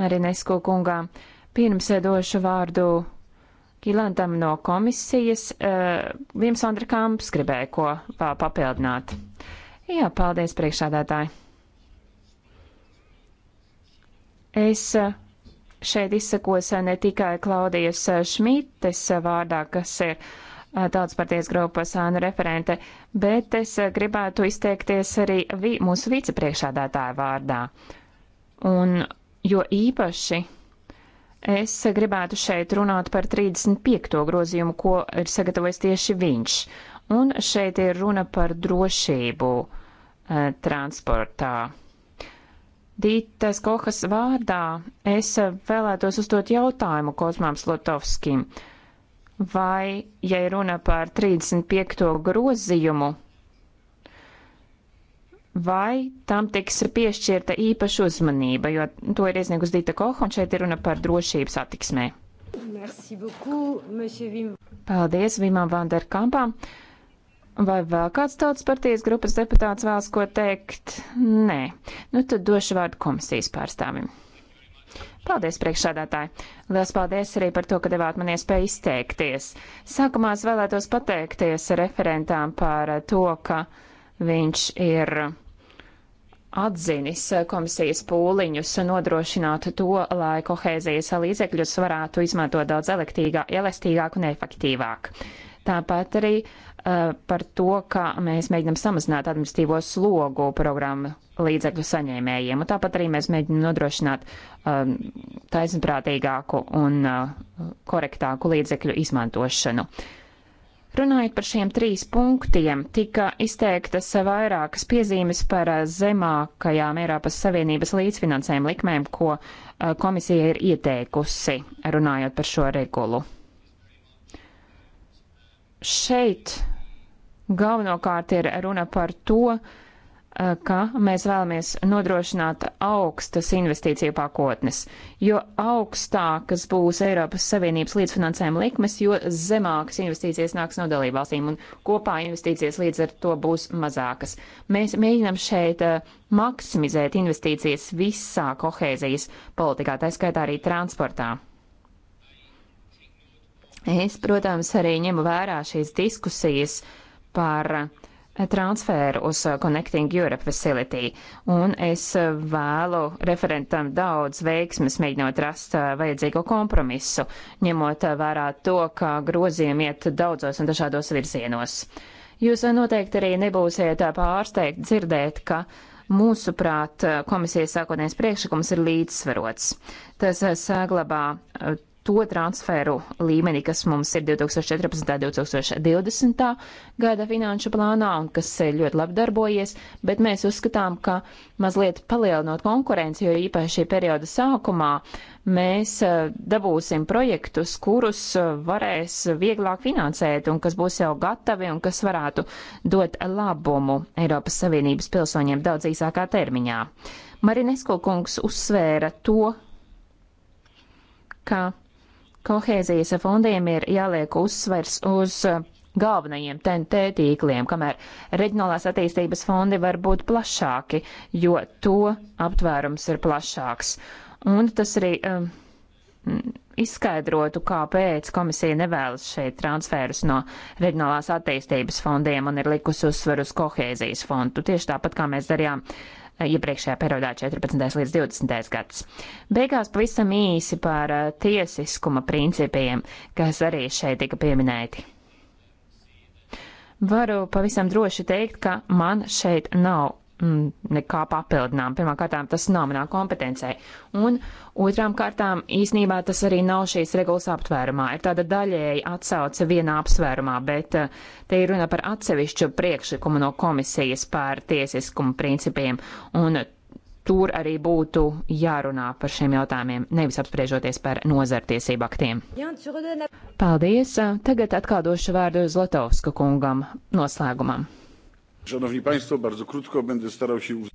Marinesku kungām. Pirms došu vārdu Gilantam no komisijas, eh, Vims uh, Vandrakamps gribēja ko papildināt. Jā, paldies priekšādātāji. Es eh, šeit izsakos eh, ne tikai Klaudijas Šmites vārdā, kas ir Eh, tautas partijas grupas ānu eh, referente, bet es eh, gribētu izteikties arī vi, mūsu vicepriekšādātāja vārdā. Un jo īpaši es gribētu šeit runāt par 35. grozījumu, ko ir sagatavojis tieši viņš. Un šeit ir runa par drošību eh, transportā. Dītas Kohas vārdā es vēlētos uzdot jautājumu Kozmām Slotovskim. Uh, vai, ja runa par 35. grozījumu, vai tam tiks piešķirta īpaša uzmanība, jo to ir iesniegus Dita Koha, un šeit ir runa par drošību satiksmē. Paldies Vimam Vanderkampam. Vai vēl kāds tautas partijas grupas deputāts vēlas ko teikt? Nē. Nu tad došu vārdu komisijas pārstāvim. Paldies, priekšsādātāji! Lielas paldies arī par to, ka devāt man iespēju izteikties. Sākumā es vēlētos pateikties referentām par to, ka viņš ir atzinis komisijas pūliņus nodrošināt to, lai kohēzijas līdzekļus varētu izmantot daudz elektīgā, elastīgāk un efektīvāk. Tāpat arī uh, Eh, par to, ka mēs mēģinam samazināt administratīvo slogu programmu līdzekļu saņēmējiem, un tāpat arī mēs mēģinam nodrošināt um, taisnprātīgāku un uh, korektāku līdzekļu izmantošanu. Runājot par šiem trīs punktiem, tika izteiktas vairākas piezīmes par zemākajām Eiropas Savienības līdzfinansējuma likmēm, ko uh, komisija ir ieteikusi, runājot par šo regulu. Šeit Galvenokārt ir runa par to, eh, ka mēs vēlamies nodrošināt augstas investīciju pakotnes, jo augstākas būs Eiropas Savienības līdzfinansējuma likmes, jo zemākas investīcijas nāks no dalībvalstīm, un kopā investīcijas līdz ar to būs mazākas. Mēs mēģinam šeit eh, maksimizēt investīcijas visā kohēzijas politikā, tā skaitā arī transportā. Es, protams, arī ņemu vērā šīs diskusijas, uh, par eh, transferu uz eh, Connecting Europe Facility, un es eh, vēlu referentam daudz veiksmes, mēģinot rast vajadzīgo kompromisu, ņemot vērā to, ka groziem iet daudzos un dažādos virzienos. Jūs noteikti arī nebūsiet pārsteigti dzirdēt, ka mūsuprāt komisijas sākotnējais priekšlikums ir līdzsvarots. Tas saglabā to transferu līmeni, kas mums ir 2014. un 2020. gada finanšu plānā un kas ļoti labi darbojies, bet mēs uzskatām, ka mazliet palielinot konkurenci, jo īpaši šī perioda sākumā mēs eh, dabūsim projektus, kurus eh, varēs vieglāk finansēt un kas būs jau gatavi un kas varētu dot labumu Eiropas Savienības pilsoņiem daudz īsākā termiņā. Marinesko kungs uzsvēra to, ka kohēzijas fondiem ir jāliek uzsvers uz uh, galvenajiem TNT tīkliem, kamēr reģionālās attīstības fondi var būt plašāki, jo to aptvērums ir plašāks. Un tas arī um, izskaidrotu, kāpēc komisija nevēlas šeit transferus no reģionālās attīstības fondiem un ir likusi uzsveru uz kohēzijas fondu. Tieši tāpat, kā mēs darījām iepriekšējā periodā 14. līdz 20. gads. Beigās pavisam īsi par eh, tiesiskuma principiem, kas arī šeit tika pieminēti. Varu pavisam droši teikt, ka man šeit nav Mm, nekā papildinām. Pirmkārt, tas nav manā kompetencē. Un otrām kārtām, īsnībā tas arī nav šīs regulas aptvērumā. Ir tāda daļēji atsauce vienā apsvērumā, bet eh, te ir runa par atsevišķu priekšlikumu no komisijas par tiesiskumu principiem. Un tur arī būtu jārunā par šiem jautājumiem, nevis apspriežoties par nozartiesību aktiem. Paldies! Tagad atkādošu vārdu Zlatovska kungam noslēgumam. Šanovni Paņsto, bardzo krutko, bende starauši uz.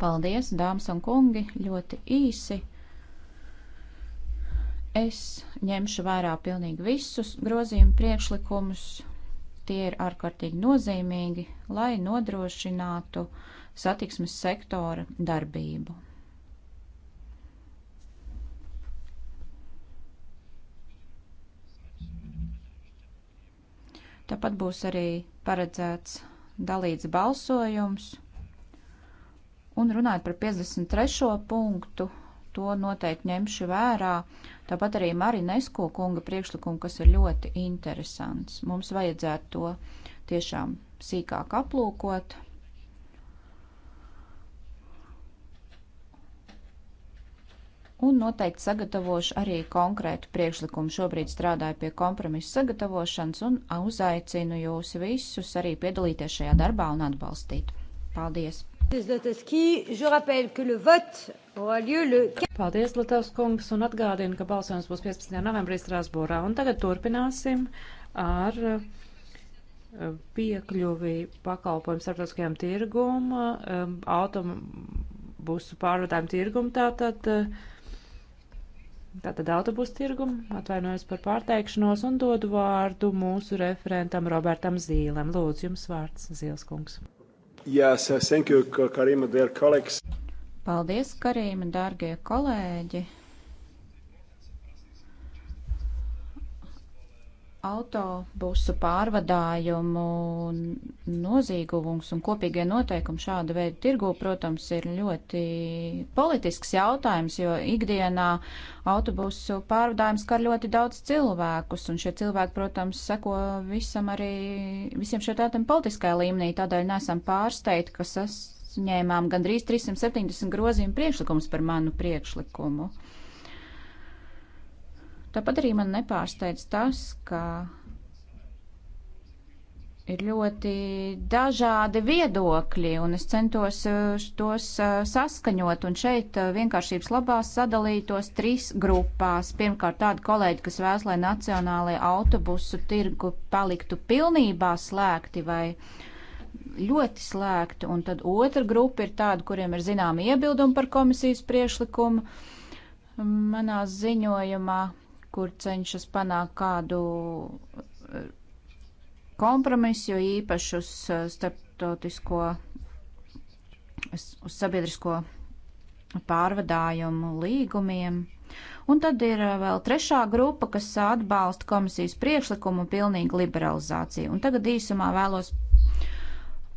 Paldies, dāmas un kungi, ļoti īsi. Es ņemšu vērā pilnīgi visus grozījumu priekšlikumus. Tie ir ārkārtīgi nozīmīgi, lai nodrošinātu satiksmes sektora darbību. Tāpat būs arī paredzēts dalīts balsojums. Un runājot par 53. punktu, to noteikti ņemšu vērā. Tāpat arī Marinesko kunga priekšlikumu, kas ir ļoti interesants. Mums vajadzētu to tiešām sīkāk aplūkot. un noteikti sagatavošu arī konkrētu priekšlikumu. Šobrīd strādāju pie kompromisu sagatavošanas un uzaicinu jūs visus arī piedalīties šajā darbā un atbalstīt. Paldies! Paldies, Latvijas kungs, un atgādinu, ka balsojums būs 15. novembrī Strasbūrā. Un tagad turpināsim ar eh, piekļuvi pakalpojumu starptautiskajam tirgumam, eh, autobusu pārvadājumu tirgumu tātad. Uh, tātad autobusu tirgumu, atvainojos par pārteikšanos un dodu vārdu mūsu referentam Robertam Zīlem. Lūdzu, jums vārds Zīleskungs. Yes, uh, thank you, Karima, dear colleagues. Paldies, Karīma, dārgie kolēģi. autobusu pārvadājumu nozīgums un kopīgie noteikumi šāda veida tirgū, protams, ir ļoti politisks jautājums, jo ikdienā autobusu pārvadājums skar ļoti daudz cilvēkus, un šie cilvēki, protams, seko visam arī, visiem šiem tādiem politiskajā līmenī, tādēļ nesam pārsteigti, ka sasņēmām gandrīz 370 grozījumu priekšlikumus par manu priekšlikumu. Tāpat arī man nepārsteidz tas, ka ir ļoti dažādi viedokļi, un es centos uh, tos uh, saskaņot, un šeit uh, vienkāršības labās sadalītos trīs grupās. Pirmkārt, tādi kolēģi, kas vēlas, lai nacionālajie autobusu tirgu paliktu pilnībā slēgti vai ļoti slēgti, un tad otra grupa ir tāda, kuriem ir zināmi iebildumi par komisijas priešlikumu. Manā ziņojumā kur cenšas panākt kādu eh, kompromisu, jo īpaši uz eh, starptautisko, uz sabiedrisko pārvadājumu līgumiem. Un tad ir eh, vēl trešā grupa, kas atbalsta komisijas priekšlikumu pilnīgu liberalizāciju. Un tagad īsumā vēlos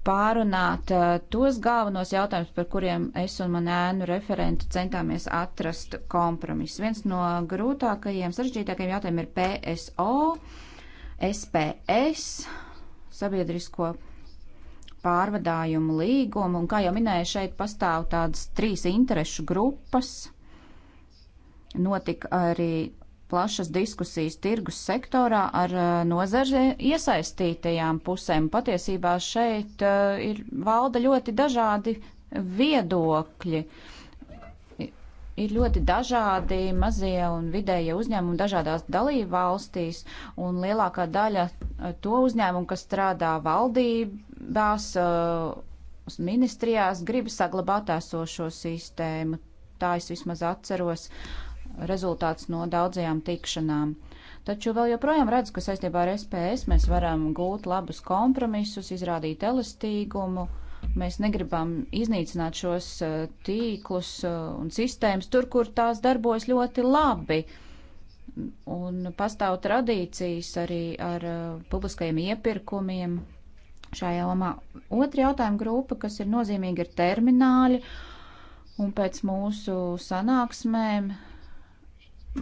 pārunāt uh, tos galvenos jautājumus, par kuriem es un man ēnu referenti centāmies atrast kompromisu. Viens no grūtākajiem, sarežģītākajiem jautājumiem ir PSO, SPS, sabiedrisko pārvadājumu līgumu, un kā jau minēju, šeit pastāv tādas trīs interešu grupas. Notika arī plašas diskusijas tirgus sektorā ar eh, nozarze iesaistītajām pusēm. Patiesībā šeit eh, ir valda ļoti dažādi viedokļi. Ir ļoti dažādi mazie un vidējie uzņēmumi dažādās dalību valstīs, un lielākā daļa eh, to uzņēmumu, kas strādā valdībās, ministrijās, grib saglabāt esošo sistēmu. Tā es vismaz atceros. Uh, rezultāts no daudzajām tikšanām. Taču vēl joprojām redzu, ka saistībā ar SPS mēs varam gūt labus kompromisus, izrādīt elastīgumu. Mēs negribam iznīcināt šos eh, tīklus eh, un sistēmas tur, kur tās darbojas ļoti labi. Un pastāv tradīcijas arī ar eh, publiskajiem iepirkumiem šajā jomā. Otra jautājuma grupa, kas ir nozīmīga, ir termināļi. Un pēc mūsu sanāksmēm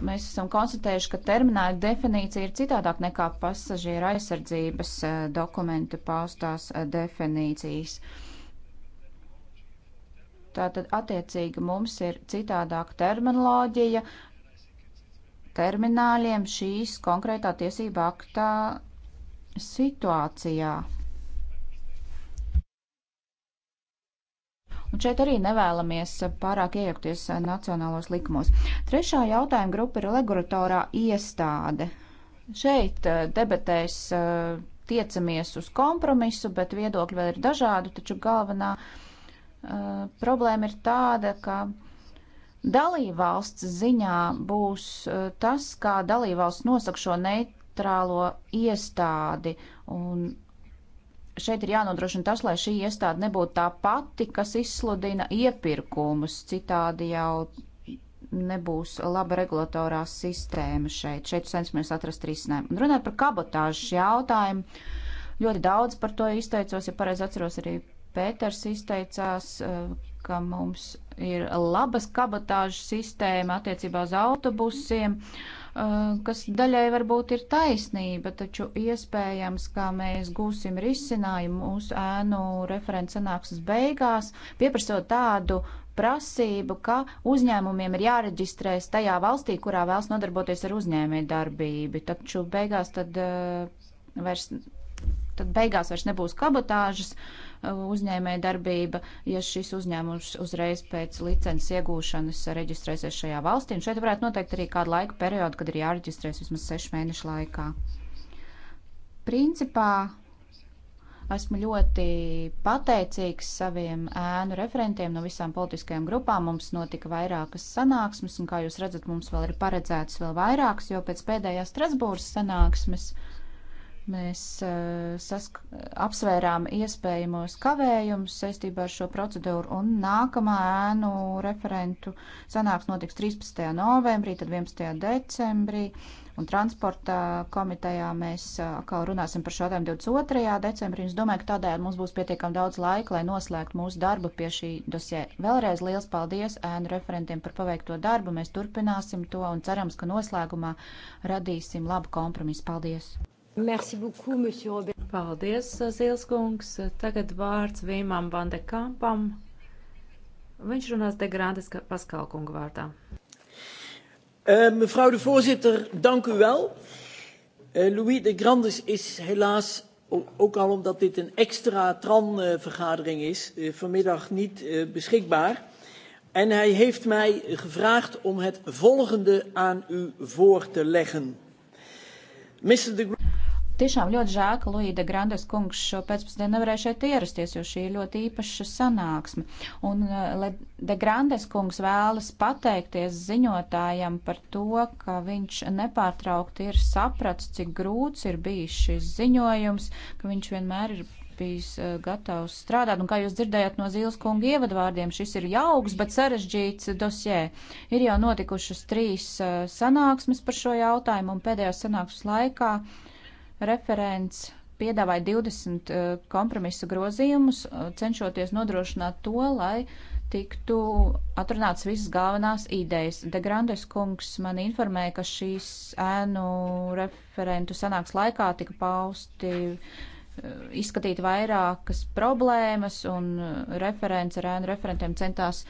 mēs esam konstatējuši, ka termināla definīcija ir citādāk nekā pasažiera aizsardzības eh, dokumentu paustās eh, definīcijas. Tātad attiecīgi mums ir citādāk terminoloģija termināļiem šīs konkrētā tiesība aktā situācijā. Un šeit arī nevēlamies pārāk iejaukties nacionālos likumos. Trešā jautājuma grupa ir regulatorā iestāde. Šeit eh, debatēs eh, tiecamies uz kompromisu, bet viedokļi vēl ir dažādi, taču galvenā uh, problēma ir tāda, ka dalībvalsts ziņā būs uh, tas, kā dalībvalsts nosaka šo neitrālo iestādi. Un šeit ir jānodrošina tas, lai šī iestāde nebūtu tā pati, kas izsludina iepirkumus. Citādi jau nebūs laba regulatorā sistēma šeit. Šeit cenšamies atrast risinājumu. Un runājot par kabotāžas jautājumu, ļoti daudz par to izteicos, ja pareizi atceros arī Pēters izteicās, eh, ka mums ir labas kabotāžas sistēma attiecībā uz autobusiem. Uh, Eh, kas daļai varbūt ir taisnība, taču iespējams, ka mēs gūsim risinājumu mūsu ēnu referents sanāksmes beigās, pieprasot tādu prasību, ka uzņēmumiem ir jāreģistrēs tajā valstī, kurā vēlas nodarboties ar uzņēmēju darbību. Taču beigās tad, uh, vairs, tad beigās vairs nebūs kabotāžas. Uh, Uh, uzņēmē darbība, ja šis uzņēmums uzreiz pēc licences iegūšanas reģistrēsies šajā valstī. Un šeit varētu noteikt arī kādu laiku periodu, kad ir jāreģistrēs vismaz sešu mēnešu laikā. Principā esmu ļoti pateicīgs saviem ēnu referentiem no visām politiskajām grupām. Mums notika vairākas sanāksmes, un kā jūs redzat, mums vēl ir paredzētas vēl vairākas, jo pēc pēdējās Strasbūras sanāksmes uh, Mēs eh, sask, apsvērām iespējamos kavējumus saistībā ar šo procedūru, un nākamā ēnu referentu sanāks notiks 13. novembrī, tad 11. decembrī, un transporta komitejā mēs eh, atkal runāsim par šo tēmu 22. decembrī. Es domāju, ka tādējādi mums būs pietiekami daudz laika, lai noslēgtu mūsu darbu pie šī dosē. Vēlreiz liels paldies ēnu referentiem par paveikto darbu. Mēs turpināsim to un cerams, ka noslēgumā radīsim labu kompromisu. Paldies! Merci beaucoup, monsieur Robert. Paldies, Zilskungs. Tagad vārds Vīmam Vandekampam. Viņš runās de Grandes Paskalkunga vārdā. Uh, ehm, mevrouw de voorzitter, dank u wel. Uh, Louis de Grandes is helaas ook al omdat dit een extra TRAN-vergadering is, eh, vanmiddag niet eh, beschikbaar. En hij heeft mij gevraagd om het volgende aan u voor te leggen. Mr. De Tiešām ļoti žēl, ka Luīda Grandes kungs šo pēcpusdienu nevarēja šeit ierasties, jo šī ir ļoti īpaša sanāksme. Un eh, De Grandes kungs vēlas pateikties ziņotājam par to, ka viņš nepārtraukti ir sapratis, cik grūts ir bijis šis ziņojums, ka viņš vienmēr ir bijis eh, gatavs strādāt. Un kā jūs dzirdējāt no Zīles kunga ievadvārdiem, šis ir jauks, bet sarežģīts dosjē. Ir jau notikušas trīs eh, sanāksmes par šo jautājumu, un pēdējās sanāksmes laikā uh, Referents piedāvāja 20 eh, kompromisu grozījumus, eh, cenšoties nodrošināt to, lai tiktu atrunāts visas galvenās idejas. De Grandes kungs man informēja, ka šīs ēnu referentu sanāks laikā tika pausti eh, izskatīt vairākas problēmas, un referents ar ēnu referentiem centās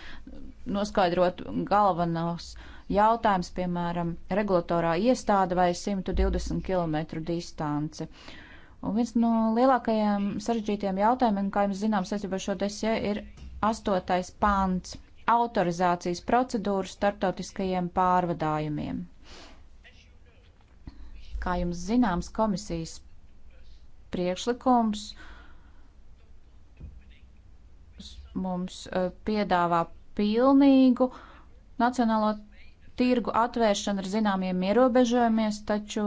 noskaidrot galvenos uh, jautājums, piemēram, regulatorā iestāde vai 120 km distance. Un viens no lielākajiem sarežģītiem jautājumiem, kā jums zināms, saistībā ar šo desie, ir astotais pants - autorizācijas procedūras starptautiskajiem pārvadājumiem. Kā jums zināms, komisijas priekšlikums mums eh, piedāvā pilnīgu nacionālo tirgu atvēršana ar zināmiem ierobežojumies, taču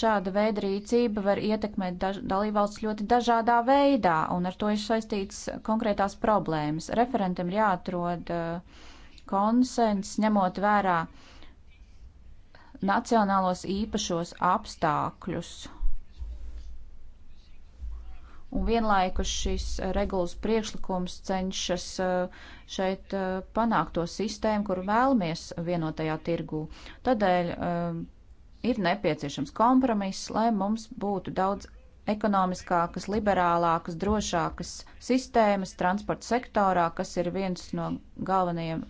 šāda veida rīcība var ietekmēt daž, dalībvalsts ļoti dažādā veidā, un ar to ir saistīts konkrētās problēmas. Referentam ir jāatrod uh, konsens, ņemot vērā nacionālos īpašos apstākļus Un vienlaikus šis eh, regulas priekšlikums cenšas eh, šeit eh, panākt to sistēmu, kuru vēlamies vienotajā tirgū. Tādēļ ir nepieciešams kompromiss, lai mums būtu daudz ekonomiskākas, liberālākas, drošākas sistēmas transporta sektorā, kas ir viens no galvenajiem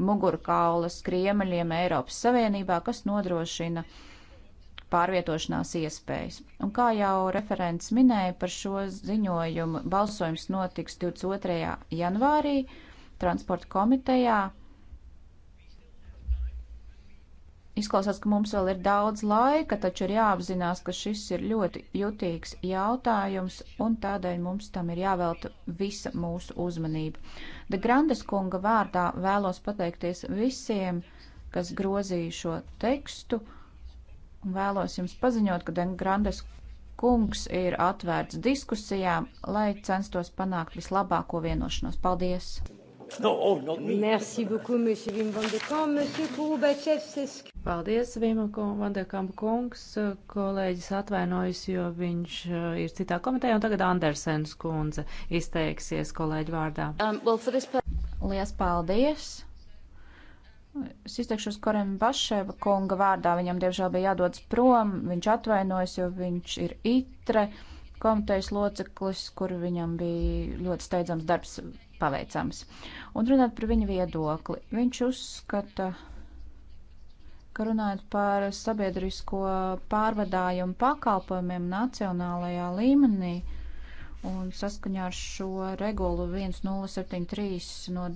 mugurkaulas kriemeļiem Eiropas Savienībā, kas nodrošina uh, pārvietošanās iespējas. Un kā jau referents minēja par šo ziņojumu, balsojums notiks 22. janvārī transporta komitejā. Izklausās, ka mums vēl ir daudz laika, taču ir jāapzinās, ka šis ir ļoti jutīgs jautājums, un tādēļ mums tam ir jāvelta visa mūsu uzmanība. De Grandes kunga vārdā vēlos pateikties visiem, kas grozīja šo tekstu. Uh, Un vēlos jums paziņot, ka Grandes kungs ir atvērts diskusijām, lai censtos panākt vislabāko vienošanos. Paldies! No, oh, no, Merci beaucoup, monsieur Wim van de Kamp, monsieur Kūbečev. Paldies, Vima van de Kamp kungs. Kolēģis atvainojas, jo viņš eh, ir citā komitejā, un tagad Andersens kundze izteiksies kolēģi vārdā. Um, well, this... Lies paldies! Es izteikšos Korem Baševa kunga vārdā. Viņam, diemžēl, bija jādodas prom. Viņš atvainojas, jo viņš ir itre komitejas loceklis, kur viņam bija ļoti steidzams darbs paveicams. Un runāt par viņa viedokli. Viņš uzskata, ka runājot par sabiedrisko pārvadājumu pakalpojumiem nacionālajā līmenī un saskaņā ar šo regulu 1073 no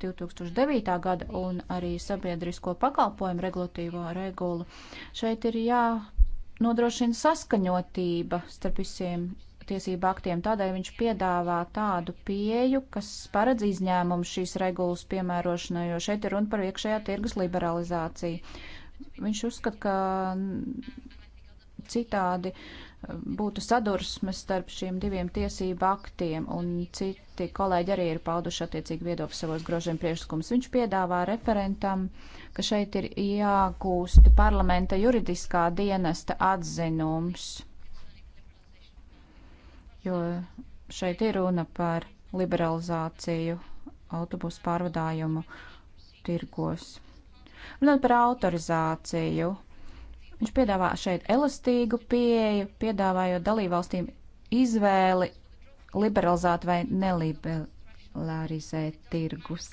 2009. gada un arī sabiedrisko pakalpojumu regulatīvo regulu. Šeit ir jānodrošina saskaņotība starp visiem tiesību aktiem. Tādēļ viņš piedāvā tādu pieju, kas paredz izņēmumu šīs regulas piemērošanai, jo šeit ir runa par iekšējā tirgus liberalizāciju. Viņš uzskata, ka citādi uh, būtu sadursmes starp šiem diviem tiesību aktiem, un citi kolēģi arī ir pauduši attiecīgi viedokli savos grožiem priekšlikumus. Viņš piedāvā referentam, ka šeit ir jāgūst parlamenta juridiskā dienesta atzinums, jo šeit ir runa par liberalizāciju autobusu pārvadājumu tirgos. Runāt par autorizāciju, Viņš piedāvā šeit elastīgu pieeju, piedāvājot dalībvalstīm izvēli liberalizēt vai neliberalizēt tirgus.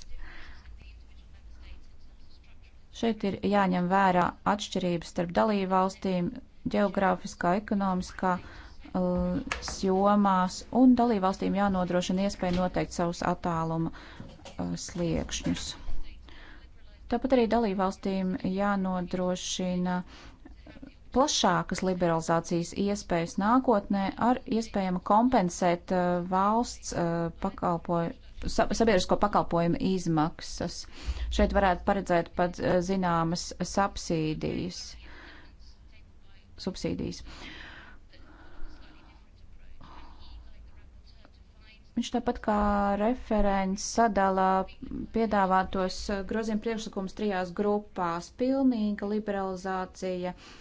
Šeit ir jāņem vērā atšķirības starp dalībvalstīm geogrāfiskā, ekonomiskā eh, jomās, un dalībvalstīm jānodrošina iespēja noteikt savus attāluma eh, sliekšņus. Tāpat arī dalībvalstīm jānodrošina uh, plašākas liberalizācijas iespējas nākotnē ar iespējama kompensēt uh, valsts uh, pakalpoju, sabiedrisko pakalpojumu izmaksas. Šeit varētu paredzēt pat uh, zināmas subsīdijas. subsīdijas. Viņš tāpat kā referents sadala piedāvātos grozījuma priekšlikumus trijās grupās - pilnīga liberalizācija, uh,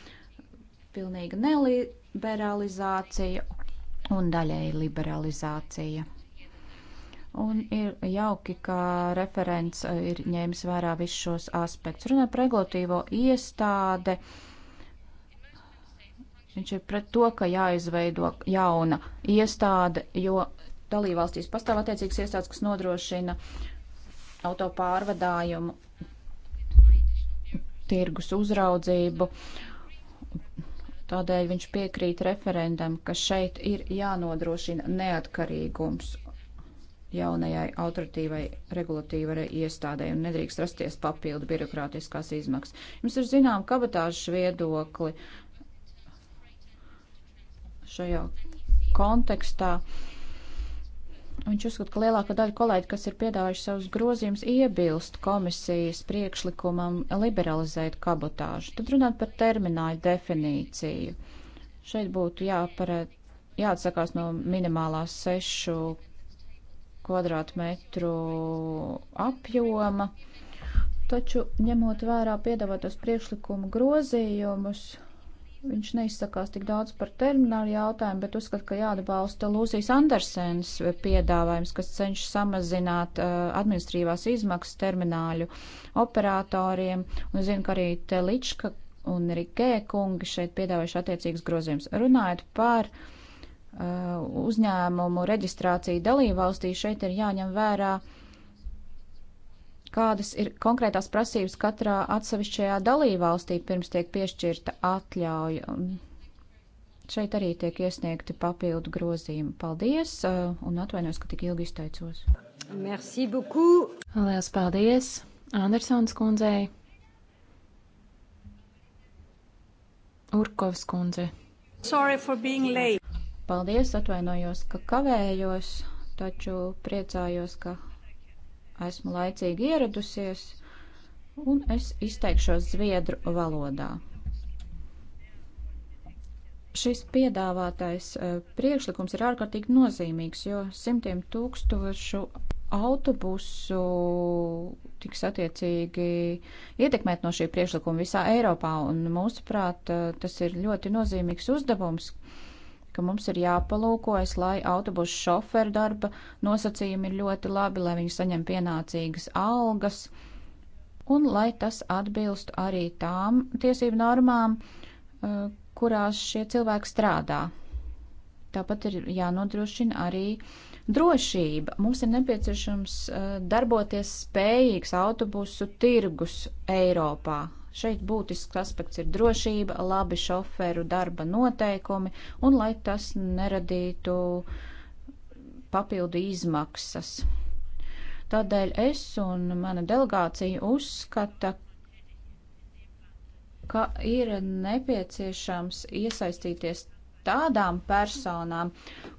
pilnīga neliberalizācija un daļēji liberalizācija. Un ir jauki, ka referents uh, ir ņēmis vērā visus šos aspektus. Runājot par regulatīvo iestādi, viņš ir pret to, ka jāizveido jauna iestāde, jo dalībvalstīs pastāv attiecīgas iestādes, kas nodrošina autopārvadājumu, tirgus uzraudzību Tādēļ viņš piekrīt referendam, ka šeit ir jānodrošina neatkarīgums jaunajai autoritīvai regulatīvai iestādē un nedrīkst rasties papildu birokrātiskās izmaksas. Jums ir zinām kabatāžas viedokli šajā kontekstā. Uh, Viņš uzskata, ka lielākā daļa kolēģi, kas ir piedāvājuši savus grozījumus, iebilst komisijas priekšlikumam liberalizēt kabotāžu. Tad runāt par termināju definīciju. Šeit būtu jāparēt, jāatsakās no minimālās sešu kvadrātmetru apjoma, taču ņemot vērā piedāvātos priekšlikumu grozījumus, Viņš neizsakās tik daudz par terminālu jautājumu, bet uzskata, ka jāatbalsta Lūsijas Andersens piedāvājums, kas cenšas samazināt uh, administrīvās izmaksas termināļu operatoriem. Un zinu, ka arī Telička un Rikē kungi šeit piedāvājuši attiecīgas grozījums. Runājot par uh, uzņēmumu reģistrāciju dalībvalstī, šeit ir jāņem vērā uh, kādas ir konkrētās prasības katrā atsevišķajā dalībvalstī pirms tiek piešķirta atļauja. Šeit arī tiek iesniegti papildu grozījumi. Paldies uh, un atvainojos, ka tik ilgi izteicos. Merci beaucoup! Lielas paldies Andersons kundzei! Urkovs kundze. Sorry for being late. Paldies, atvainojos, ka kavējos, taču priecājos, ka esmu laicīgi ieradusies, un es izteikšos zviedru valodā. Šis piedāvātais e, priekšlikums ir ārkārtīgi nozīmīgs, jo simtiem tūkstošu autobusu tiks attiecīgi ietekmēt no šī priekšlikuma visā Eiropā, un mūsuprāt, e, tas ir ļoti nozīmīgs uzdevums. Uh, ka mums ir jāpalūkojas, lai autobusu šoferu darba nosacījumi ir ļoti labi, lai viņi saņem pienācīgas algas un lai tas atbilstu arī tām tiesību normām, eh, kurās šie cilvēki strādā. Tāpat ir jānodrošina arī drošība. Mums ir nepieciešams eh, darboties spējīgs autobusu tirgus Eiropā, Šeit būtisks aspekts ir drošība, labi šoferu darba noteikumi un lai tas neradītu papildu izmaksas. Tādēļ es un mana delegācija uzskata, ka ir nepieciešams iesaistīties tādām personām,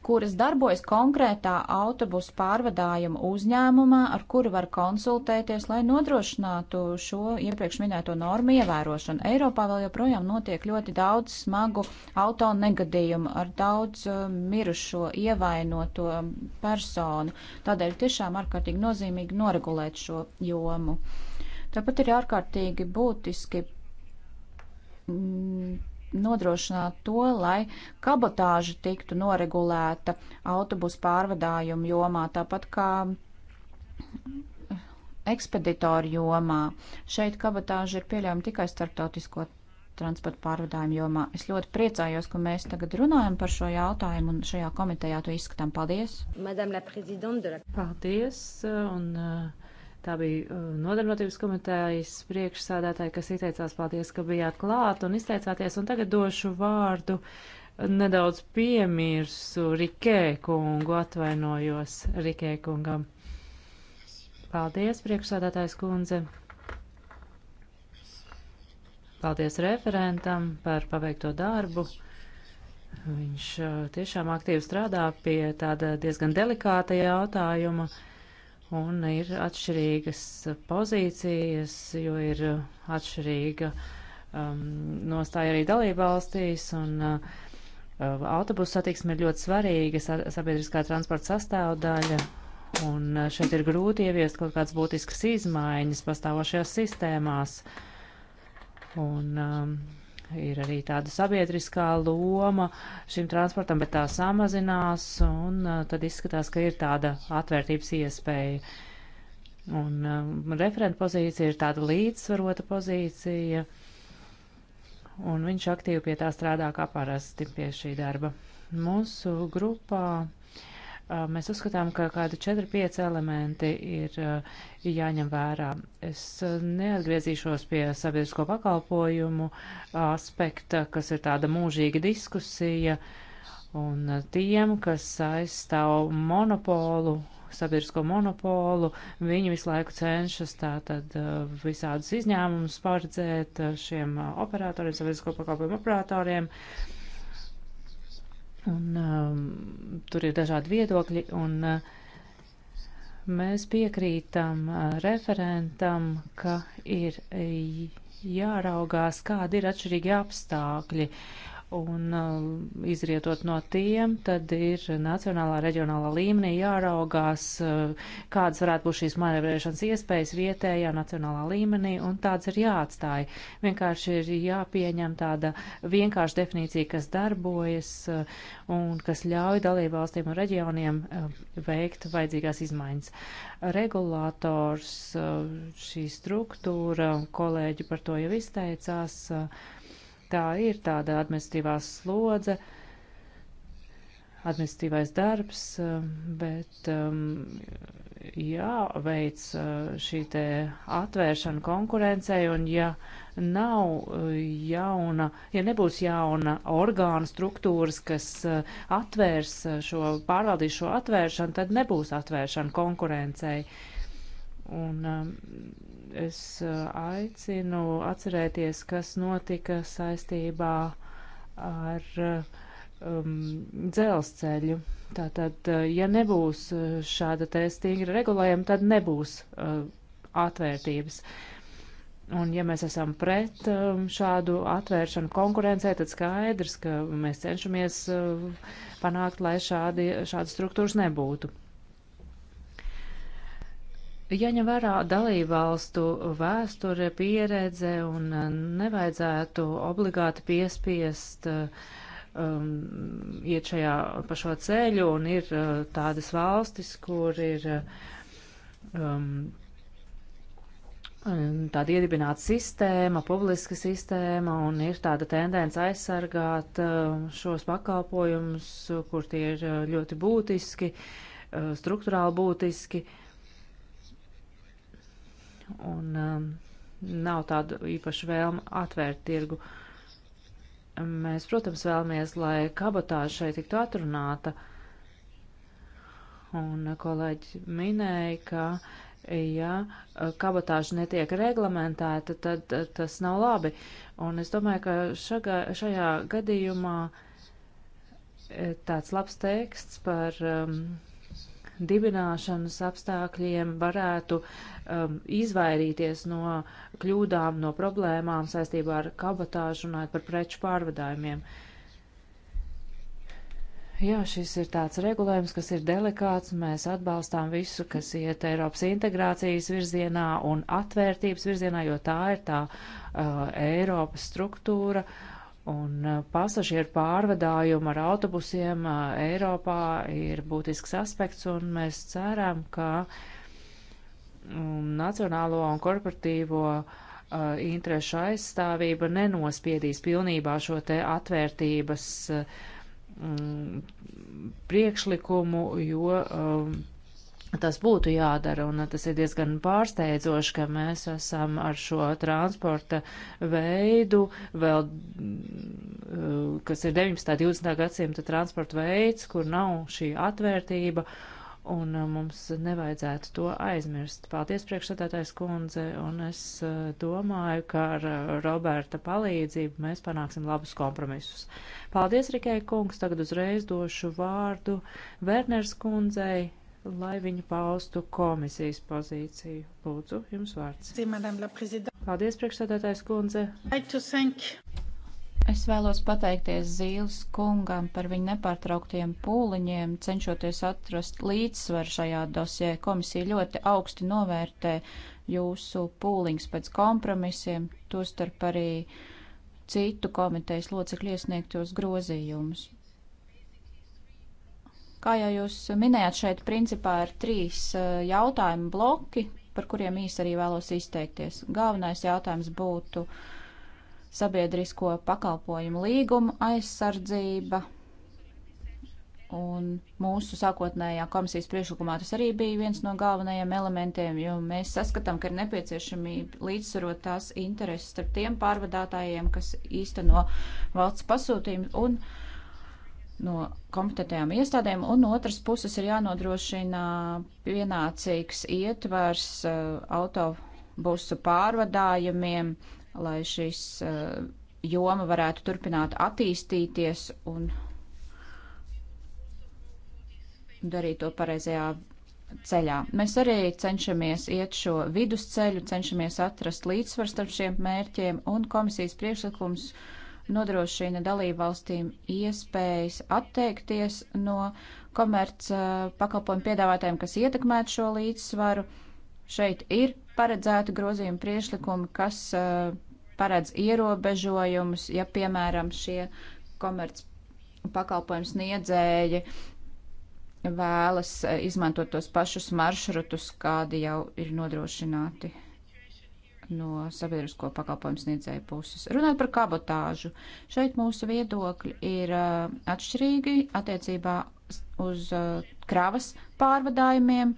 kuras darbojas konkrētā autobusu pārvadājuma uzņēmumā, ar kuru var konsultēties, lai nodrošinātu šo iepriekš minēto normu ievērošanu. Eiropā vēl joprojām notiek ļoti daudz smagu auto negadījumu ar daudz uh, mirušo ievainoto personu. Tādēļ tiešām ārkārtīgi nozīmīgi noregulēt šo jomu. Tāpat ir ārkārtīgi būtiski mm, nodrošināt to, lai kabotāža tiktu noregulēta autobusu pārvadājumu jomā, tāpat kā ekspeditoru jomā. Šeit kabotāža ir pieļaujama tikai starptautisko transporta pārvadājumu jomā. Es ļoti priecājos, ka mēs tagad runājam par šo jautājumu un šajā komitejā to izskatām. Paldies! Paldies! Un, uh Tā bija uh, nodarbinātības komitejas priekšsādātāja, kas izteicās paldies, ka bijāt klāt un izteicāties. Un tagad došu vārdu nedaudz piemirsu Rikē kungu, atvainojos Rikē kungam. Paldies, priekšsādātājs kundze. Paldies referentam par paveikto darbu. Viņš uh, tiešām aktīvi strādā pie tāda diezgan delikāta jautājuma. Uh, un ir atšķirīgas pozīcijas, jo ir atšķirīga um, nostāja arī dalībvalstīs, un uh, autobusu satiksme ir ļoti svarīga sabiedriskā transporta sastāvdaļa, un uh, šeit ir grūti ieviest kaut kādas būtiskas izmaiņas pastāvošajās sistēmās. Un, um, ir arī tāda sabiedriskā loma šim transportam, bet tā samazinās, un uh, tad izskatās, ka ir tāda atvērtības iespēja. Un um, referenta pozīcija ir tāda līdzsvarota pozīcija, un viņš aktīvi pie tā strādā kā parasti pie šī darba. Mūsu grupā Mēs uzskatām, ka kādi 4-5 elementi ir jāņem vērā. Es neatgriezīšos pie sabiedrisko pakalpojumu aspekta, kas ir tāda mūžīga diskusija, un tiem, kas aizstāv monopolu, sabiedrisko monopolu, viņi visu laiku cenšas tātad visādus izņēmumus paredzēt šiem operatoriem, sabiedrisko pakalpojumu operatoriem. Uh, Un um, tur ir dažādi viedokļi, un uh, mēs piekrītam uh, referentam, ka ir jāraugās, kādi ir atšķirīgi apstākļi un uh, izrietot no tiem, tad ir nacionālā, reģionālā līmenī jāraugās, uh, kādas varētu būt šīs manevrēšanas iespējas vietējā, nacionālā līmenī, un tāds ir jāatstāj. Vienkārši ir jāpieņem tāda vienkārša definīcija, kas darbojas uh, un kas ļauj dalībvalstīm un reģioniem veikt vajadzīgās izmaiņas. Regulators, šī struktūra, kolēģi par to jau izteicās, tā ir tāda administratīvā slodze, administratīvais darbs, um, bet um, jāveic uh, šī te atvēršana konkurencei, un ja nav uh, jauna, ja nebūs jauna orgāna struktūras, kas uh, atvērs šo, pārvaldīs šo atvēršanu, tad nebūs atvēršana konkurencei. Uh, Un um, es uh, aicinu atcerēties, kas notika saistībā ar uh, um, dzelzceļu. Tātad, uh, ja nebūs šāda te stingra regulējuma, tad nebūs uh, atvērtības. Un ja mēs esam pret um, šādu atvēršanu konkurencē, tad skaidrs, ka mēs cenšamies uh, panākt, lai šādi, šādas struktūras nebūtu. Jaņem vērā dalībvalstu vēsture, pieredze un eh, nevajadzētu obligāti piespiest eh, um, iet šajā pa šo ceļu un ir eh, tādas valstis, kur ir um, tāda iedibināta sistēma, publiska sistēma, un ir tāda tendence aizsargāt šos pakalpojumus, kur tie ir ļoti būtiski, struktūrāli būtiski un um, nav tādu īpašu vēlmu atvērt tirgu. Mēs, protams, vēlamies, lai kabotāža šeit tiktu atrunāta. Un kolēģi minēja, ka ja kabotāža netiek reglamentēta, tad tas nav labi. Un es domāju, ka šagā, šajā gadījumā e, tāds labs teksts par um, dibināšanas apstākļiem varētu um, izvairīties no kļūdām, no problēmām saistībā ar kabatāžu un par preču pārvadājumiem. Jā, šis ir tāds regulējums, kas ir delikāts. Mēs atbalstām visu, kas iet Eiropas integrācijas virzienā un atvērtības virzienā, jo tā ir tā uh, Eiropas struktūra. Un uh, pasažieru pārvadājumu ar autobusiem uh, Eiropā ir būtisks aspekts, un mēs ceram, ka uh, um, nacionālo un korporatīvo uh, interešu aizstāvība nenospiedīs pilnībā šo te atvērtības um, priekšlikumu, jo um, tas būtu jādara, un uh, tas ir diezgan pārsteidzoši, ka mēs esam ar šo transporta veidu, vēl, mm, uh, kas ir 19. un 20. gadsimta transporta veids, kur nav šī atvērtība. Uh, un uh, mums nevajadzētu to aizmirst. Paldies, priekšsēdētājs kundze, un es uh, domāju, ka ar uh, Roberta palīdzību mēs panāksim labus kompromisus. Paldies, Rikai kungs, tagad uzreiz došu vārdu Verners kundzei, lai viņa paustu komisijas pozīciju. Lūdzu, jums vārds. Paldies, priekšsēdētājs kundze. Es vēlos pateikties Zīles kungam par viņu nepārtrauktiem pūliņiem, cenšoties atrast līdzsvaru šajā dosē. Komisija ļoti augsti novērtē jūsu pūliņus pēc kompromisiem, tostarp arī citu komitejas locekļu iesniegtos grozījumus. Kā jau jūs minējāt, šeit principā ir trīs eh, jautājumu bloki, par kuriem īsi arī vēlos izteikties. Galvenais jautājums būtu. Uh, sabiedrisko pakalpojumu līguma aizsardzība. Un mūsu sākotnējā komisijas priekšlikumā tas arī bija viens no galvenajiem elementiem, jo mēs saskatām, ka ir nepieciešamība līdzsvarot tās intereses starp tiem pārvadātājiem, kas īsteno valsts pasūtījumu un no kompetentajām iestādēm, un otras puses ir jānodrošina pienācīgs ietvars eh, autobusu pārvadājumiem lai šis uh, joma varētu turpināt attīstīties un darīt to pareizajā ceļā. Mēs arī cenšamies iet šo vidusceļu, cenšamies atrast līdzsvaru starp šiem mērķiem, un komisijas priekšlikums nodrošina dalībvalstīm iespējas atteikties no komerc eh, pakalpojumu piedāvātājiem, kas ietekmētu šo līdzsvaru. Šeit ir paredzēti grozījumi priešlikumi, kas uh, paredz ierobežojumus, ja, piemēram, šie komerc pakalpojums niedzēji vēlas e, izmantot tos pašus maršrutus, kādi jau ir nodrošināti no sabiedrisko pakalpojumu sniedzēju puses. Runājot par kabotāžu, šeit mūsu viedokļi ir e, atšķirīgi attiecībā uz e, kravas pārvadājumiem,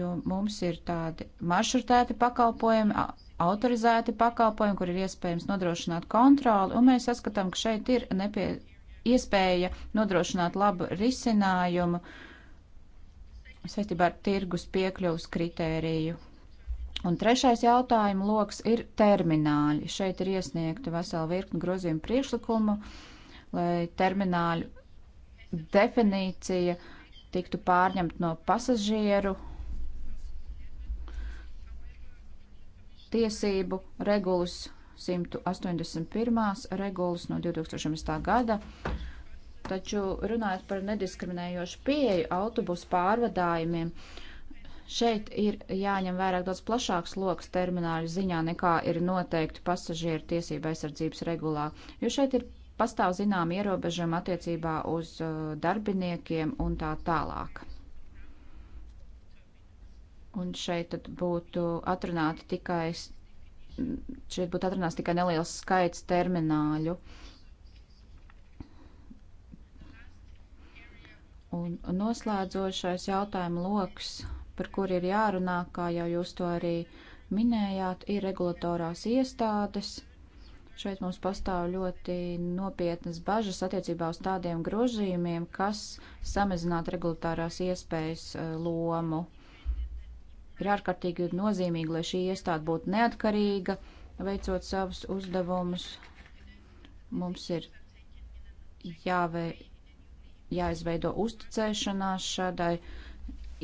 jo mums ir tādi maršrutēti pakalpojumi, autorizēti pakalpojumi, kur ir iespējams nodrošināt kontroli, un mēs saskatām, ka šeit ir nepie, iespēja nodrošināt labu risinājumu saistībā ar tirgus piekļuvas kritēriju. Un trešais jautājuma loks ir termināļi. Šeit ir iesniegta vesela virkni grozījumu priekšlikumu, lai termināļu definīcija tiktu pārņemta no pasažieru tiesību regulas 181. regulas no 2018. gada. Taču runājot par nediskriminējošu pieeju autobusu pārvadājumiem, šeit ir jāņem vērā daudz plašāks lokus termināļu ziņā nekā ir noteikti pasažieru tiesība aizsardzības regulā, jo šeit ir pastāv zinām ierobežam attiecībā uz uh, darbiniekiem un tā tālāk. Un šeit tad būtu atrunāti tikai, šeit būtu atrunāts tikai neliels skaits termināļu. Un noslēdzošais jautājuma loks, par kur ir jārunā, kā jau jūs to arī minējāt, ir regulatorās iestādes. Šeit mums pastāv ļoti nopietnas bažas attiecībā uz tādiem grozījumiem, kas samazinātu regulatārās iespējas eh, lomu. Ir ārkārtīgi nozīmīgi, lai šī iestāde būtu neatkarīga, veicot savus uzdevumus. Mums ir jāve, jāizveido uzticēšanās šādai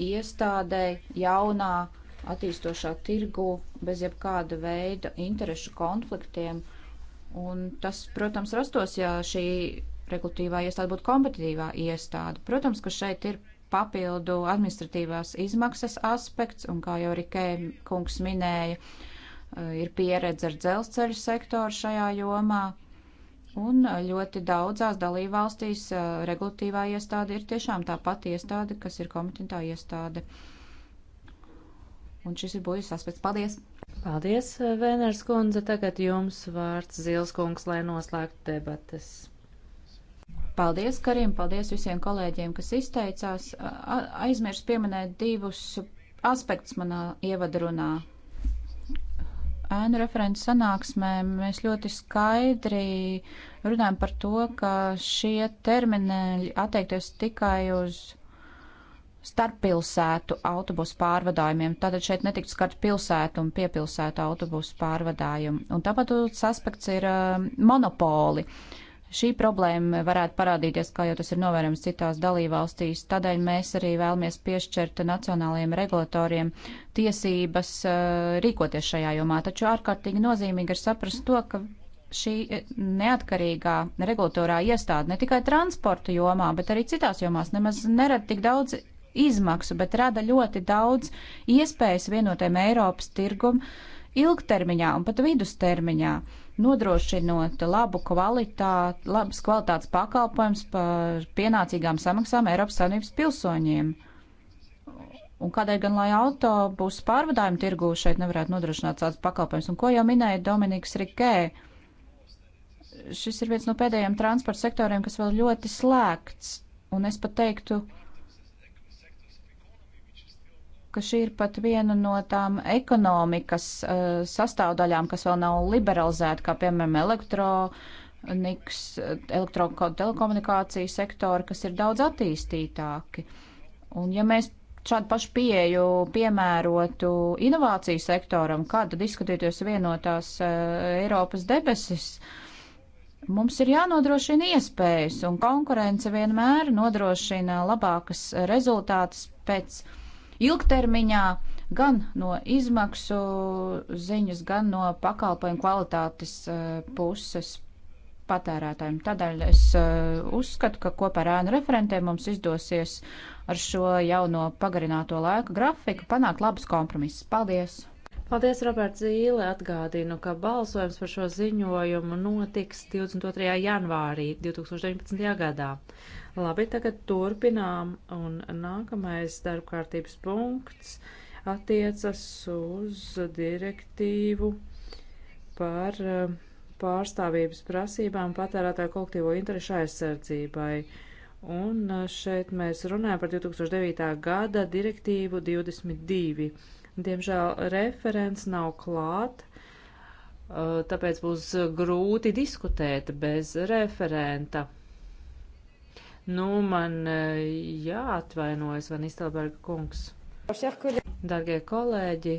iestādei jaunā attīstošā tirgu bez jebkāda veida interešu konfliktiem. Un tas, protams, rastos, ja šī regulatīvā iestāde būtu kompetitīvā iestāde. Protams, ka šeit ir papildu administratīvās izmaksas aspekts, un kā jau Rikē kungs minēja, eh, ir pieredze ar dzelzceļu sektoru šajā jomā. Un ļoti daudzās dalībvalstīs eh, regulatīvā iestāde ir tiešām tā pati iestāde, kas ir komitentā iestāde. Un šis ir būtisks aspekts. Paldies! Paldies, eh, Vēners kundze. Tagad jums vārds Zils kungs, lai noslēgtu debates. Paldies, Karim, paldies visiem kolēģiem, kas izteicās. Aizmirst pieminēt divus aspektus manā ievadrunā. Ēnu referents sanāksmē mēs ļoti skaidri runājam par to, ka šie termini attiekties tikai uz starppilsētu autobusu pārvadājumiem. Tātad šeit netiktu skart pilsētu un piepilsētu autobusu pārvadājumu. Un tāpat tas aspekts ir uh, monopoli. Uh, Šī problēma varētu parādīties, kā jau tas ir novērams citās dalībvalstīs, tādēļ mēs arī vēlamies piešķirt nacionālajiem regulatoriem tiesības eh, rīkoties šajā jomā, taču ārkārtīgi nozīmīgi ir saprast to, ka šī eh, neatkarīgā regulatorā iestāde ne tikai transporta jomā, bet arī citās jomās nemaz nerada tik daudz izmaksu, bet rada ļoti daudz iespējas vienotiem Eiropas tirgum ilgtermiņā un pat vidustermiņā. Uh, nodrošinot labu kvalitāti, labas kvalitātes pakalpojums par pienācīgām samaksām Eiropas Savienības pilsoņiem. Un kādēļ gan lai autobusu pārvadājumu tirgū šeit nevarētu nodrošināt tāds pakalpojums? Un ko jau minēja Dominiks Rikē? Šis ir viens no pēdējiem transporta sektoriem, kas vēl ļoti slēgts. Un es pat teiktu, uh, ka šī ir pat viena no tām ekonomikas uh, sastāvdaļām, kas vēl nav liberalizēta, kā piemēram elektronikas, elektrotelekomunikāciju sektori, kas ir daudz attīstītāki. Un ja mēs šādu pašu pieeju piemērotu inovāciju sektoram, kā tad izskatītos vienotās uh, Eiropas debesis, Mums ir jānodrošina iespējas, un konkurence vienmēr nodrošina labākas eh, rezultātus pēc uh, ilgtermiņā, gan no izmaksu ziņas, gan no pakalpojumu kvalitātes eh, puses patērētājiem. Tādēļ es eh, uzskatu, ka kopā ar ēnu referentiem mums izdosies ar šo jauno pagarināto laika grafiku panākt labus kompromisus. Paldies! Paldies, Roberts Zīle, atgādinu, ka balsojums par šo ziņojumu notiks 22. janvārī 2019. gadā. Labi, tagad turpinām, un nākamais darbkārtības punkts attiecas uz direktīvu par eh, pārstāvības prasībām patērētāju kolektīvo interešu aizsardzībai. Un eh, šeit mēs runājam par 2009. gada direktīvu 22. Diemžēl referents nav klāt, eh, tāpēc būs grūti diskutēt bez referenta. Nu, man e, jāatvainojas, Van Istelberga kungs. Dargie kolēģi,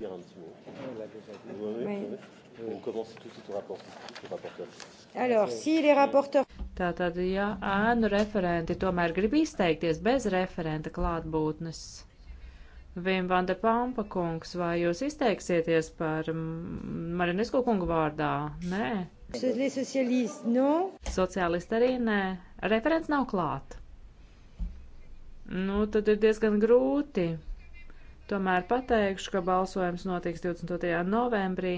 dire un petit mot. Oui, oui. Oui. On commence tout de suite au rapporteur. Au rapporteur. Alors, si les rapporteurs. Tātad, ja ēnu referenti tomēr grib izteikties bez referenta klātbūtnes. Vim Vanda Pampa kungs, vai jūs izteiksieties par Marinesko kungu vārdā? Nē. No. Sociālisti arī nē. Referents nav klāt. Nu, tad ir diezgan grūti. Tomēr pateikšu, ka balsojums notiks 20. novembrī.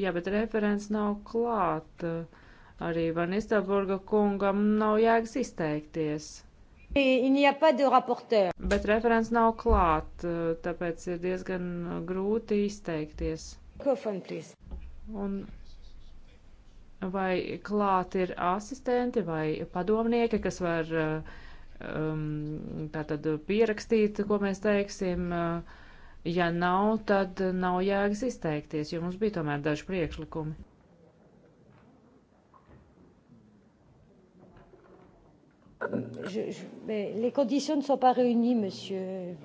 Jā, bet referents nav klāt. Arī Van Istelburga kungam nav jēgas izteikties. Bet referents nav klāt, eh, tāpēc ir diezgan eh, grūti izteikties. Un vai klāt ir asistenti vai padomnieki, kas var eh, um, tātad pierakstīt, ko mēs teiksim? Ja nav, tad nav jēgas izteikties, jo mums bija tomēr daži priekšlikumi. Je, je, les conditions ne sont pas réunies, monsieur.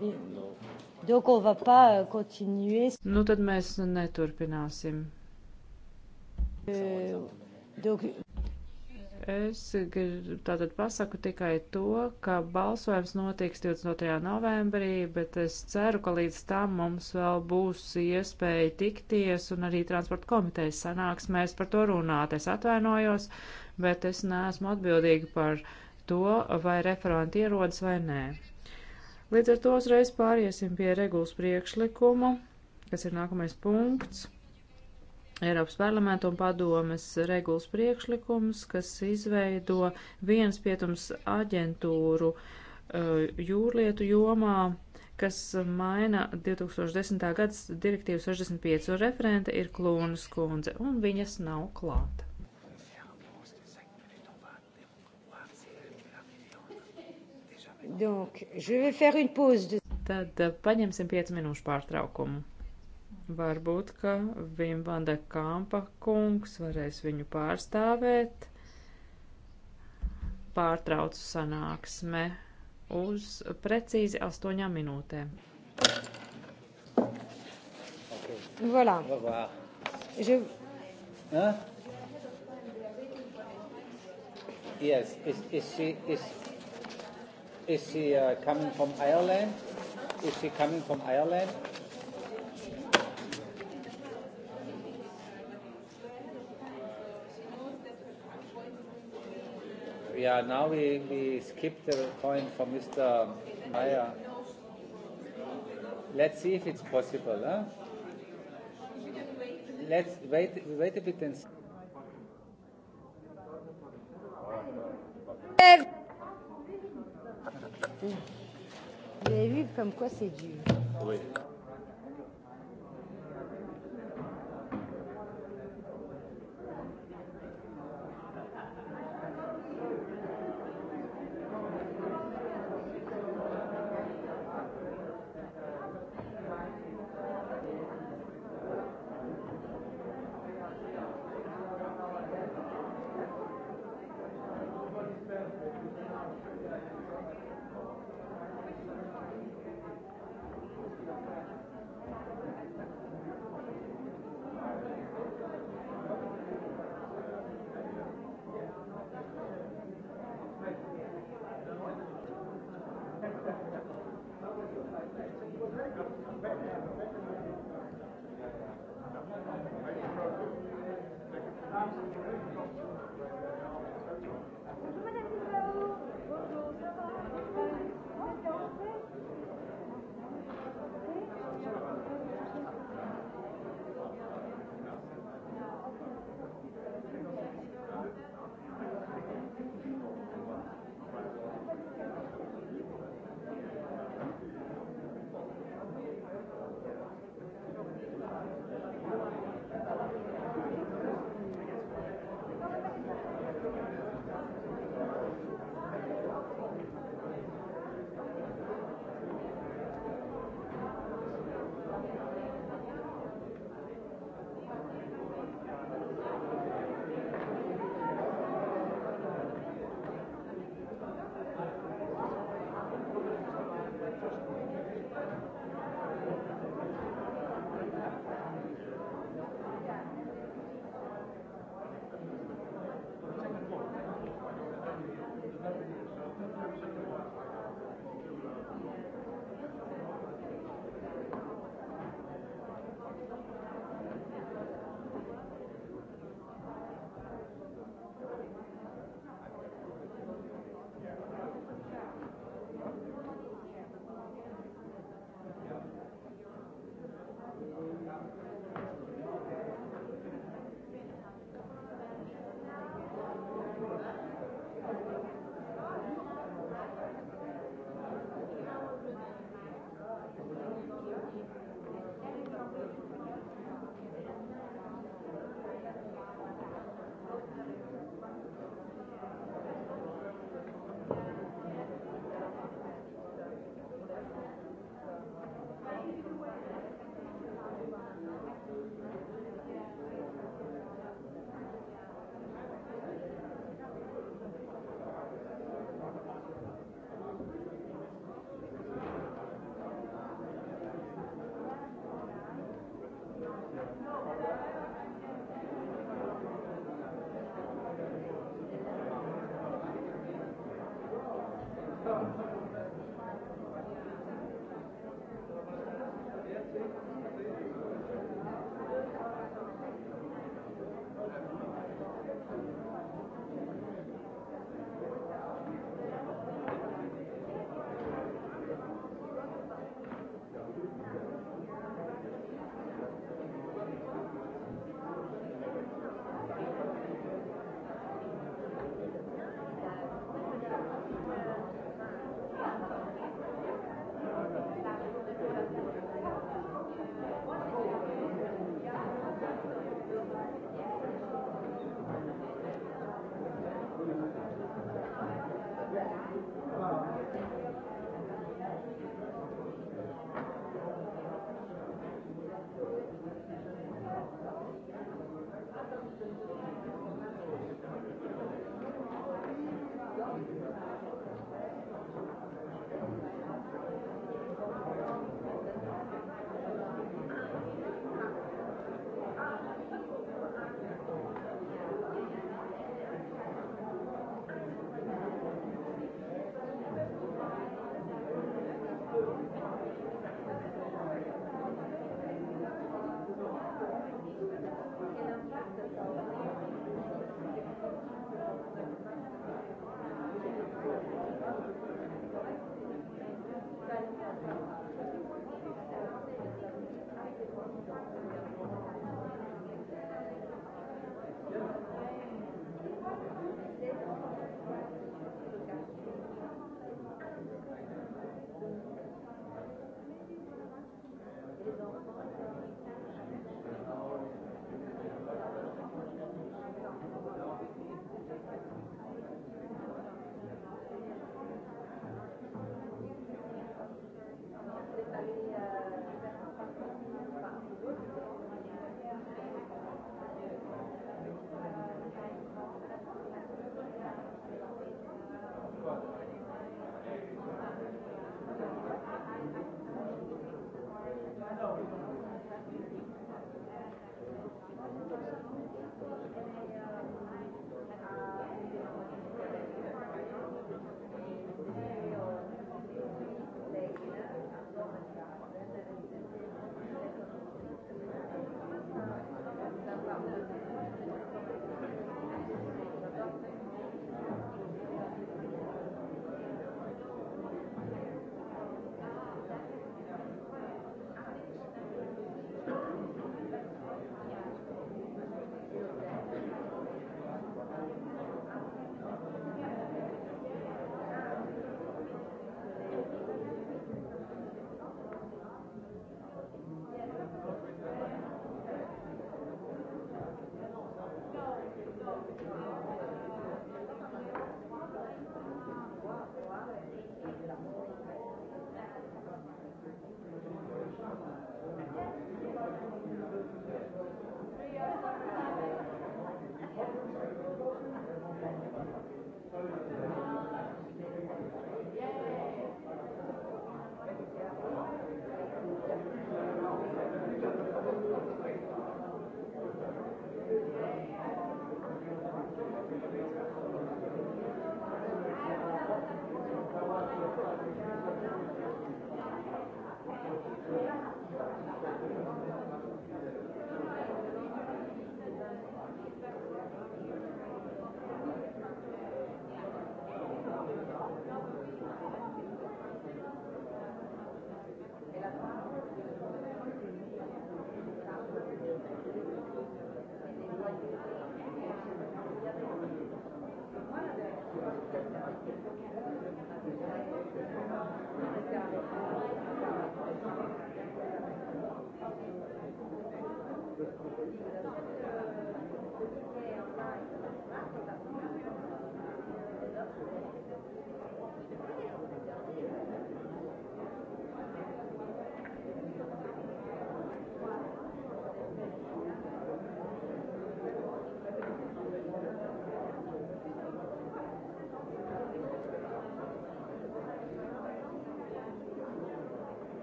Donc on va pas euh, continuer. Nu tad mēs neturpināsim. Euh, donc... Es tātad pasaku tikai to, ka balsojums notiks 22. novembrī, bet es ceru, ka līdz tam mums vēl būs iespēja tikties un arī transporta komitejas sanāksmēs par to runāt. Es atvainojos, bet es neesmu atbildīga par uh, to, vai referenti ierodas vai nē. Līdz ar to uzreiz pāriesim pie regulas priekšlikumu, kas ir nākamais punkts. Eiropas parlamenta un padomes regulas priekšlikums, kas izveido viens pietums aģentūru uh, jūrlietu jomā, kas maina 2010. gadas direktīvu 65 un referente ir Klūnas kundze, un viņas nav klāta. Donc, je vais faire une pause. De... Tad eh, paņemsim 5 minūšu pārtraukumu. Varbūt, ka Vim Vanda Kampa kungs varēs viņu pārstāvēt. Pārtraucu sanāksme uz precīzi 8 minūtēm. Okay. Voilà. Je... Hein? Yes, is, is she, is, Is he uh, coming from Ireland? Is he coming from Ireland? Yeah, now we, we skip the point for Mr. Meyer. Let's see if it's possible. Huh? Let's wait, wait a bit and see. Vous avez vu comme quoi c'est dur. Oui.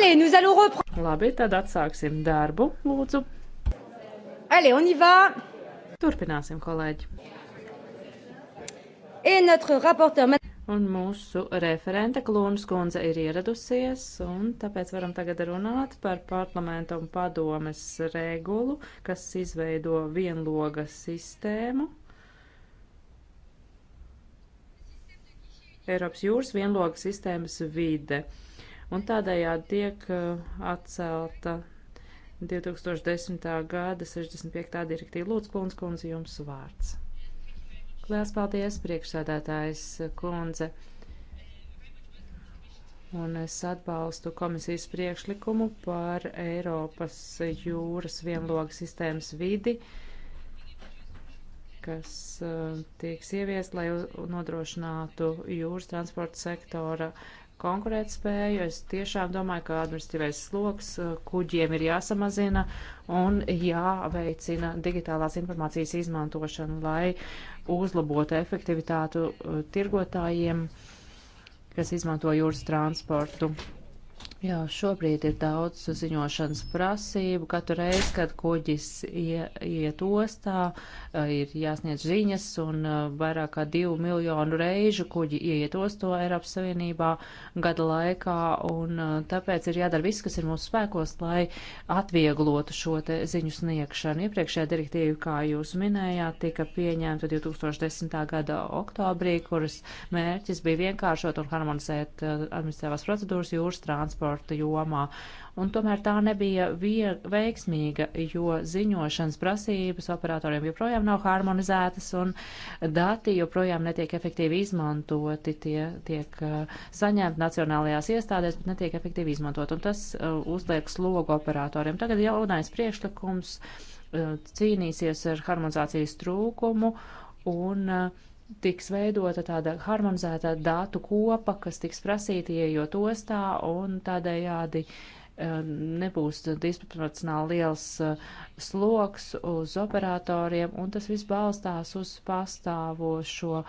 Allez, nous allons reprendre. Labi, tad atsāksim darbu, lūdzu. Allez, on y va. Turpināsim, kolēģi. Et notre rapporteur. Un mūsu referente Klūnas kundze ir ieradusies, un tāpēc varam tagad runāt par parlamenta un padomes regulu, kas izveido vienloga sistēmu. Eiropas jūras vienloga sistēmas vide. Uh, un tādējādi tiek uh, atcelta 2010. gada 65. direktīva. Lūdzu, Klundz, kundze, jums vārds. Lielas paldies, priekšsādātājs kundze. Un es atbalstu komisijas priekšlikumu par Eiropas jūras vienloga sistēmas vidi, kas uh, tieks ieviest, lai nodrošinātu jūras transporta sektora konkurētspēju. Es tiešām domāju, ka administratīvais sloks eh, kuģiem ir jāsamazina un jāveicina digitālās informācijas izmantošana, lai uzlabotu efektivitātu eh, tirgotājiem, kas izmanto jūras transportu. Jā, šobrīd ir daudz ziņošanas prasību. Katru reizi, kad kuģis iet ostā, ir jāsniedz ziņas un vairāk kā divu miljonu reižu kuģi iet osto Eiropas Savienībā gada laikā. Un tāpēc ir jādara viss, kas ir mūsu spēkos, lai atvieglotu šo te ziņu sniegšanu. Iepriekšējā direktīva, kā jūs minējāt, tika pieņemta 2010. gada oktobrī, kuras mērķis bija vienkāršot un harmonizēt administratīvās procedūras jūras transporta transporta jomā. Un tomēr tā nebija veiksmīga, jo ziņošanas prasības operatoriem joprojām nav harmonizētas un dati joprojām netiek efektīvi izmantoti. Tie tiek uh, saņemti nacionālajās iestādēs, bet netiek efektīvi izmantot. Un tas uh, uzliek slogu operatoriem. Tagad jaunais priekšlikums uh, cīnīsies ar harmonizācijas trūkumu un uh, tiks veidota tāda harmonizēta datu kopa, kas tiks prasīta ieejot ostā un tādējādi um, nebūs disproporcionāli liels uh, sloks uz operatoriem, un tas viss balstās uz pastāvošo uh,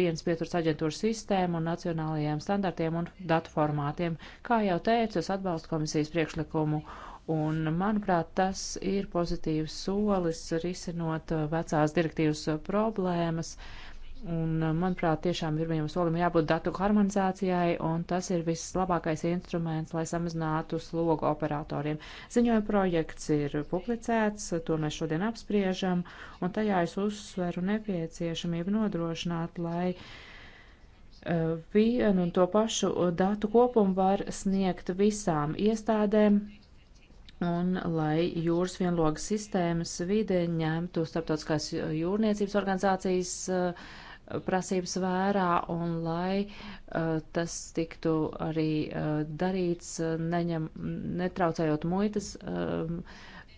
viens pieturs aģentūras sistēmu un nacionālajiem standartiem un datu formātiem. Kā jau teicu, es atbalstu komisijas priekšlikumu Un, manuprāt, tas ir pozitīvs solis risinot uh, vecās direktīvas problēmas, uh, Un, eh, manuprāt, tiešām pirmajam solim jābūt datu harmonizācijai, un tas ir vislabākais instruments, lai samazinātu slogu operatoriem. Ziņojuma projekts ir publicēts, to mēs šodien apspriežam, un tajā es uzsveru nepieciešamību nodrošināt, lai eh, vienu un to pašu datu kopumu var sniegt visām iestādēm, un lai jūras vienlogas sistēmas vide ņemtu starptautiskās jūrniecības organizācijas uh, prasības vērā un lai uh, tas tiktu arī uh, darīts, eh, neņem, netraucējot muitas uh,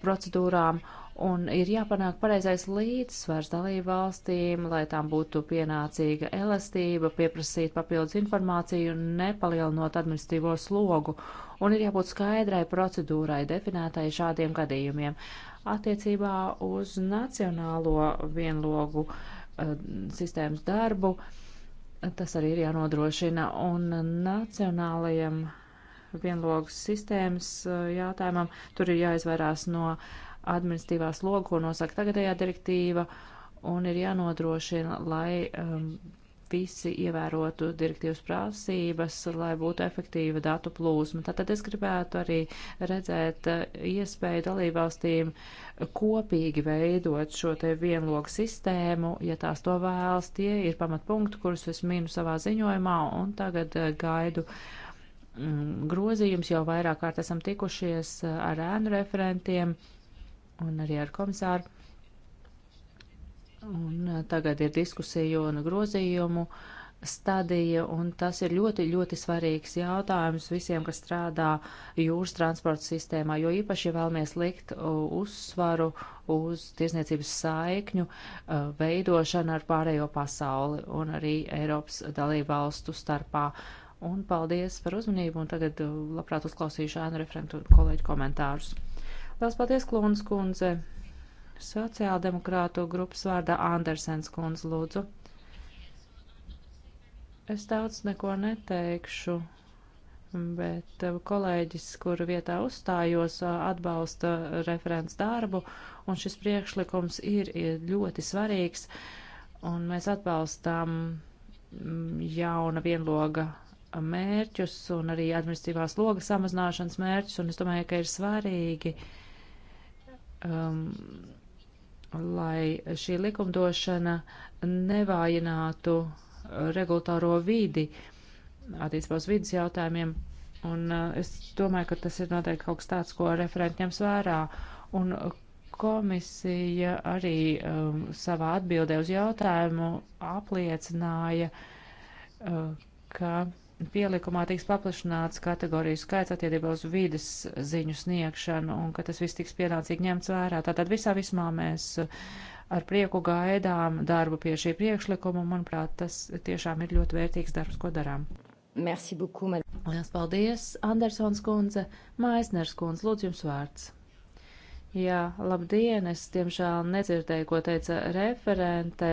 procedūrām. Un ir jāpanāk pareizais līdzsvars dalību valstīm, lai tām būtu pienācīga elastība, pieprasīt papildus informāciju, nepalielinot administratīvo slogu. Un ir jābūt skaidrai procedūrai definētai šādiem gadījumiem. Attiecībā uz nacionālo vienlogu uh, Eh, sistēmas darbu. Tas arī ir jānodrošina. Un nacionālajiem vienlogas sistēmas eh, jautājumam tur ir jāizvairās no administratīvās logu, ko nosaka tagadējā direktīva, un ir jānodrošina, lai um, visi ievērotu direktīvas prasības, lai būtu efektīva datu plūsma. Tātad es gribētu arī redzēt eh, iespēju dalībvalstīm kopīgi veidot šo te vienlogu sistēmu, ja tās to vēlas. Tie ir pamatpunkti, kurus es minu savā ziņojumā un tagad eh, gaidu mm, grozījums jau vairāk kārt esam tikušies eh, ar ēnu referentiem un arī ar komisāru. Un eh, tagad ir diskusiju un grozījumu stadija, un tas ir ļoti, ļoti svarīgs jautājums visiem, kas strādā jūras transporta sistēmā, jo īpaši, ja vēlamies likt uh, uzsvaru uz tiesniecības saikņu uh, veidošanu ar pārējo pasauli un arī Eiropas dalību valstu starpā. Un paldies par uzmanību, un tagad uh, labprāt uzklausīšu ēnu referentu kolēģu komentārus. Lielas paldies, Klūnas kundze! Sociāldemokrātu grupas vārdā Andersens kundz lūdzu. Es daudz neko neteikšu, bet uh, kolēģis, kur vietā uzstājos, uh, atbalsta referents darbu, un šis priekšlikums ir, ir ļoti svarīgs, un mēs atbalstām mm, jauna vienloga mērķus un arī administratīvās logas samazināšanas mērķus, un es domāju, ka ir svarīgi um, lai šī likumdošana nevājinātu regulatāro vidi attiecībā uz vidas jautājumiem. Un uh, es domāju, ka tas ir noteikti kaut kas tāds, ko referenti ņems vērā. Un komisija arī um, savā atbildē uz jautājumu apliecināja, uh, ka pielikumā tiks paplašināts kategoriju skaits attiecībā uz vides ziņu sniegšanu un ka tas viss tiks pienācīgi ņemts vērā. Tātad visā vismā mēs eh, ar prieku gaidām darbu pie šī priekšlikuma, un manuprāt, tas tiešām ir ļoti vērtīgs darbs, ko darām. Merci beaucoup, man. Lielas paldies, Andersons kundze, Maisners kundze, lūdzu jums vārds. Jā, labdien, es tiemžēl nedzirdēju, ko teica referente.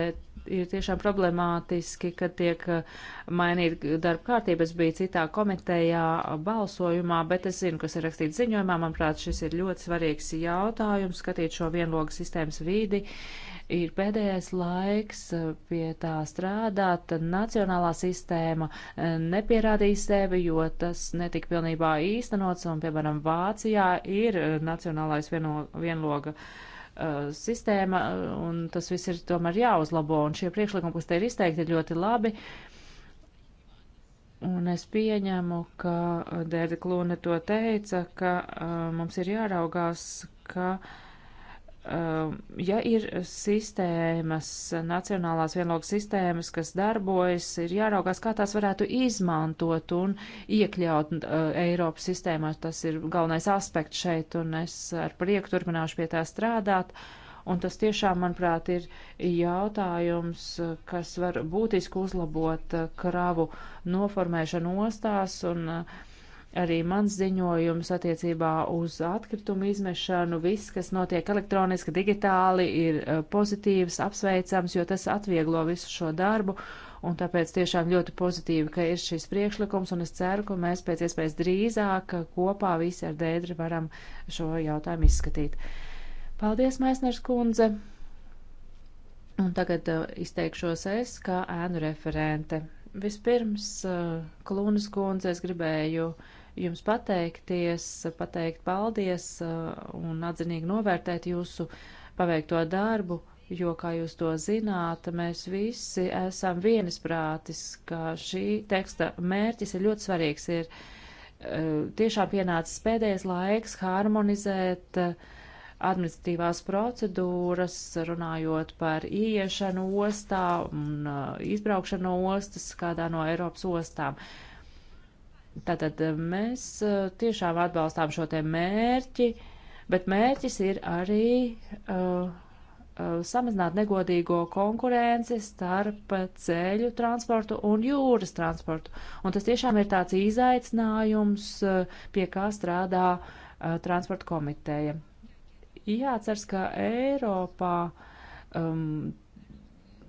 Ir tiešām problemātiski, ka tiek uh, mainīta darba kārtība. Es biju citā komitejā uh, balsojumā, bet es zinu, kas ir rakstīts ziņojumā. Manuprāt, šis ir ļoti svarīgs jautājums, skatīt šo vienlogu sistēmas vīdi. Uh, ir pēdējais laiks eh, pie tā strādāt. Tad nacionālā sistēma eh, nepierādīja sevi, jo tas netika pilnībā īstenots, un, piemēram, Vācijā ir eh, nacionālais vieno, vienloga uh, sistēma, un tas viss ir tomēr jāuzlabo, un šie priekšlikumi, kas te ir izteikti, ir ļoti labi. Un es pieņemu, ka Dēļa Klūne to teica, ka uh, mums ir jāraugās, ka uh, Um, ja ir sistēmas, nacionālās vienlogas sistēmas, kas darbojas, ir jāraugās, kā tās varētu izmantot un iekļaut uh, Eiropas sistēmā. Tas ir galvenais aspekts šeit, un es ar prieku turpināšu pie tā strādāt. Un tas tiešām, manuprāt, ir jautājums, kas var būtiski uzlabot uh, kravu noformēšanu ostās un uh, arī mans ziņojums attiecībā uz atkritumu izmešanu. Viss, kas notiek elektroniski, digitāli, ir e, pozitīvs, apsveicams, jo tas atvieglo visu šo darbu. Un tāpēc tiešām ļoti pozitīvi, ka ir šis priekšlikums, un es ceru, ka mēs pēc iespējas drīzāk e, kopā visi ar Dēdri varam šo jautājumu izskatīt. Paldies, Maisners kundze! Un tagad uh, izteikšos es kā ēnu referente. Vispirms, uh, Klūnas kundze, es gribēju uh, jums pateikties, pateikt paldies uh, un atzinīgi novērtēt jūsu paveikto darbu, jo, kā jūs to zināt, mēs visi esam vienisprātis, ka šī teksta mērķis ir ļoti svarīgs. Ir uh, tiešām pienācis pēdējais laiks harmonizēt uh, administratīvās procedūras, runājot par ieiešanu ostā un izbraukšanu ostas kādā no Eiropas ostām. Uh, Tātad eh, mēs eh, tiešām atbalstām šo te mērķi, bet mērķis ir arī uh, uh, samazināt negodīgo konkurenci starp ceļu transportu un jūras transportu. Un tas tiešām ir tāds izaicinājums, uh, pie kā strādā uh, transporta komiteja. Jāatceras, ka Eiropā um,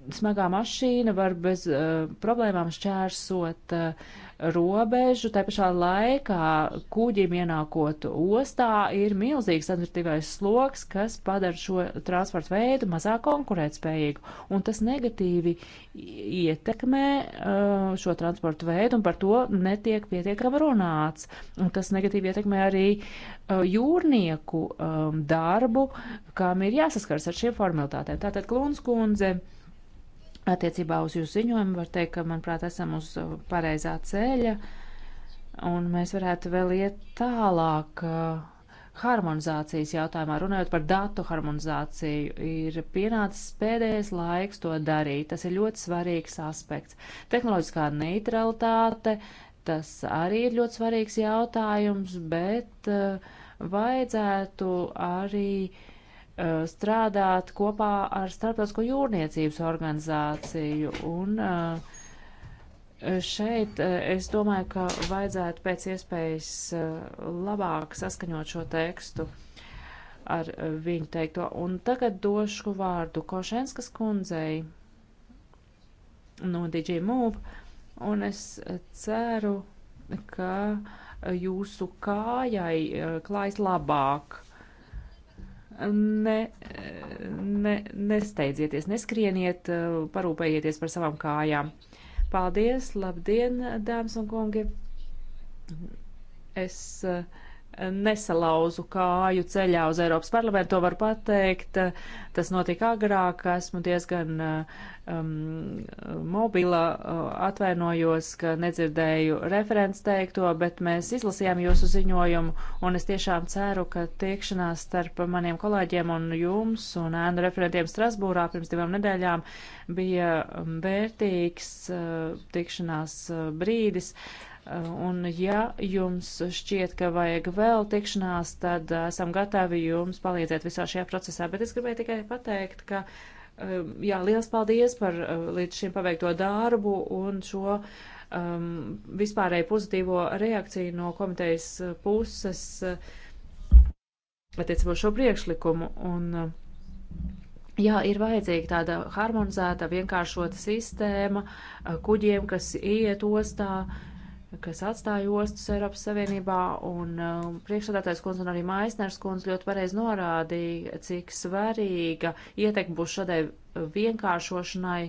smagā mašīna var bez uh, problēmām šķērsot uh, robežu. Tā pašā laikā kuģim ienākot ostā ir milzīgs administratīvais sloks, kas padara šo transportu veidu mazāk konkurētspējīgu. Un tas negatīvi ietekmē uh, šo transportu veidu, un par to netiek pietiekami runāts. Un tas negatīvi ietekmē arī uh, jūrnieku um, darbu, kam ir jāsaskars ar šiem formalitātēm. Tātad, Klūns kundze, uh, Attiecībā uz jūsu ziņojumu var teikt, ka, manuprāt, esam uz pareizā ceļa, un mēs varētu vēl iet tālāk uh, harmonizācijas jautājumā. Runājot par datu harmonizāciju, ir pienācis pēdējais laiks to darīt. Tas ir ļoti svarīgs aspekts. Tehnoloģiskā neutralitāte, tas arī ir ļoti svarīgs jautājums, bet uh, vajadzētu arī uh, Uh, strādāt kopā ar Startautisko jūrniecības organizāciju. Un uh, šeit uh, es domāju, ka vajadzētu pēc iespējas labāk saskaņot šo tekstu ar viņu teikto. Un tagad došu vārdu Košenskas kundzei no DigiMove, un es ceru, ka jūsu kājai klājas labāk ne, ne, nesteidzieties, neskrieniet, parūpējieties par savām kājām. Paldies, labdien, dāmas un kungi! Es uh, nesalauzu kāju ceļā uz Eiropas parlamentu, to var pateikt. Tas notika agrāk, esmu diezgan um, mobila, uh, atvainojos, ka nedzirdēju referents teikto, bet mēs izlasījām jūsu ziņojumu, un es tiešām ceru, ka tiekšanās starp maniem kolēģiem un jums un ēnu referentiem Strasbūrā pirms divām nedēļām bija um, vērtīgs uh, tikšanās uh, brīdis. Uh, Un ja jums šķiet, ka vajag vēl tikšanās, tad uh, esam gatavi jums palīdzēt visā šajā procesā. Bet es gribēju tikai pateikt, ka um, jā, liels paldies par uh, līdz šim paveikto darbu un šo um, vispārēju pozitīvo reakciju no komitejas uh, puses attiecībā šo priekšlikumu. Un, Jā, ir vajadzīga tāda harmonizēta, vienkāršota sistēma kuģiem, kas iet ostā, uh, kas atstāja ostas Eiropas Savienībā, un um, priekšsādātais kundze un arī Maisners kundze ļoti pareizi norādīja, cik svarīga ietekme būs šādai vienkāršošanai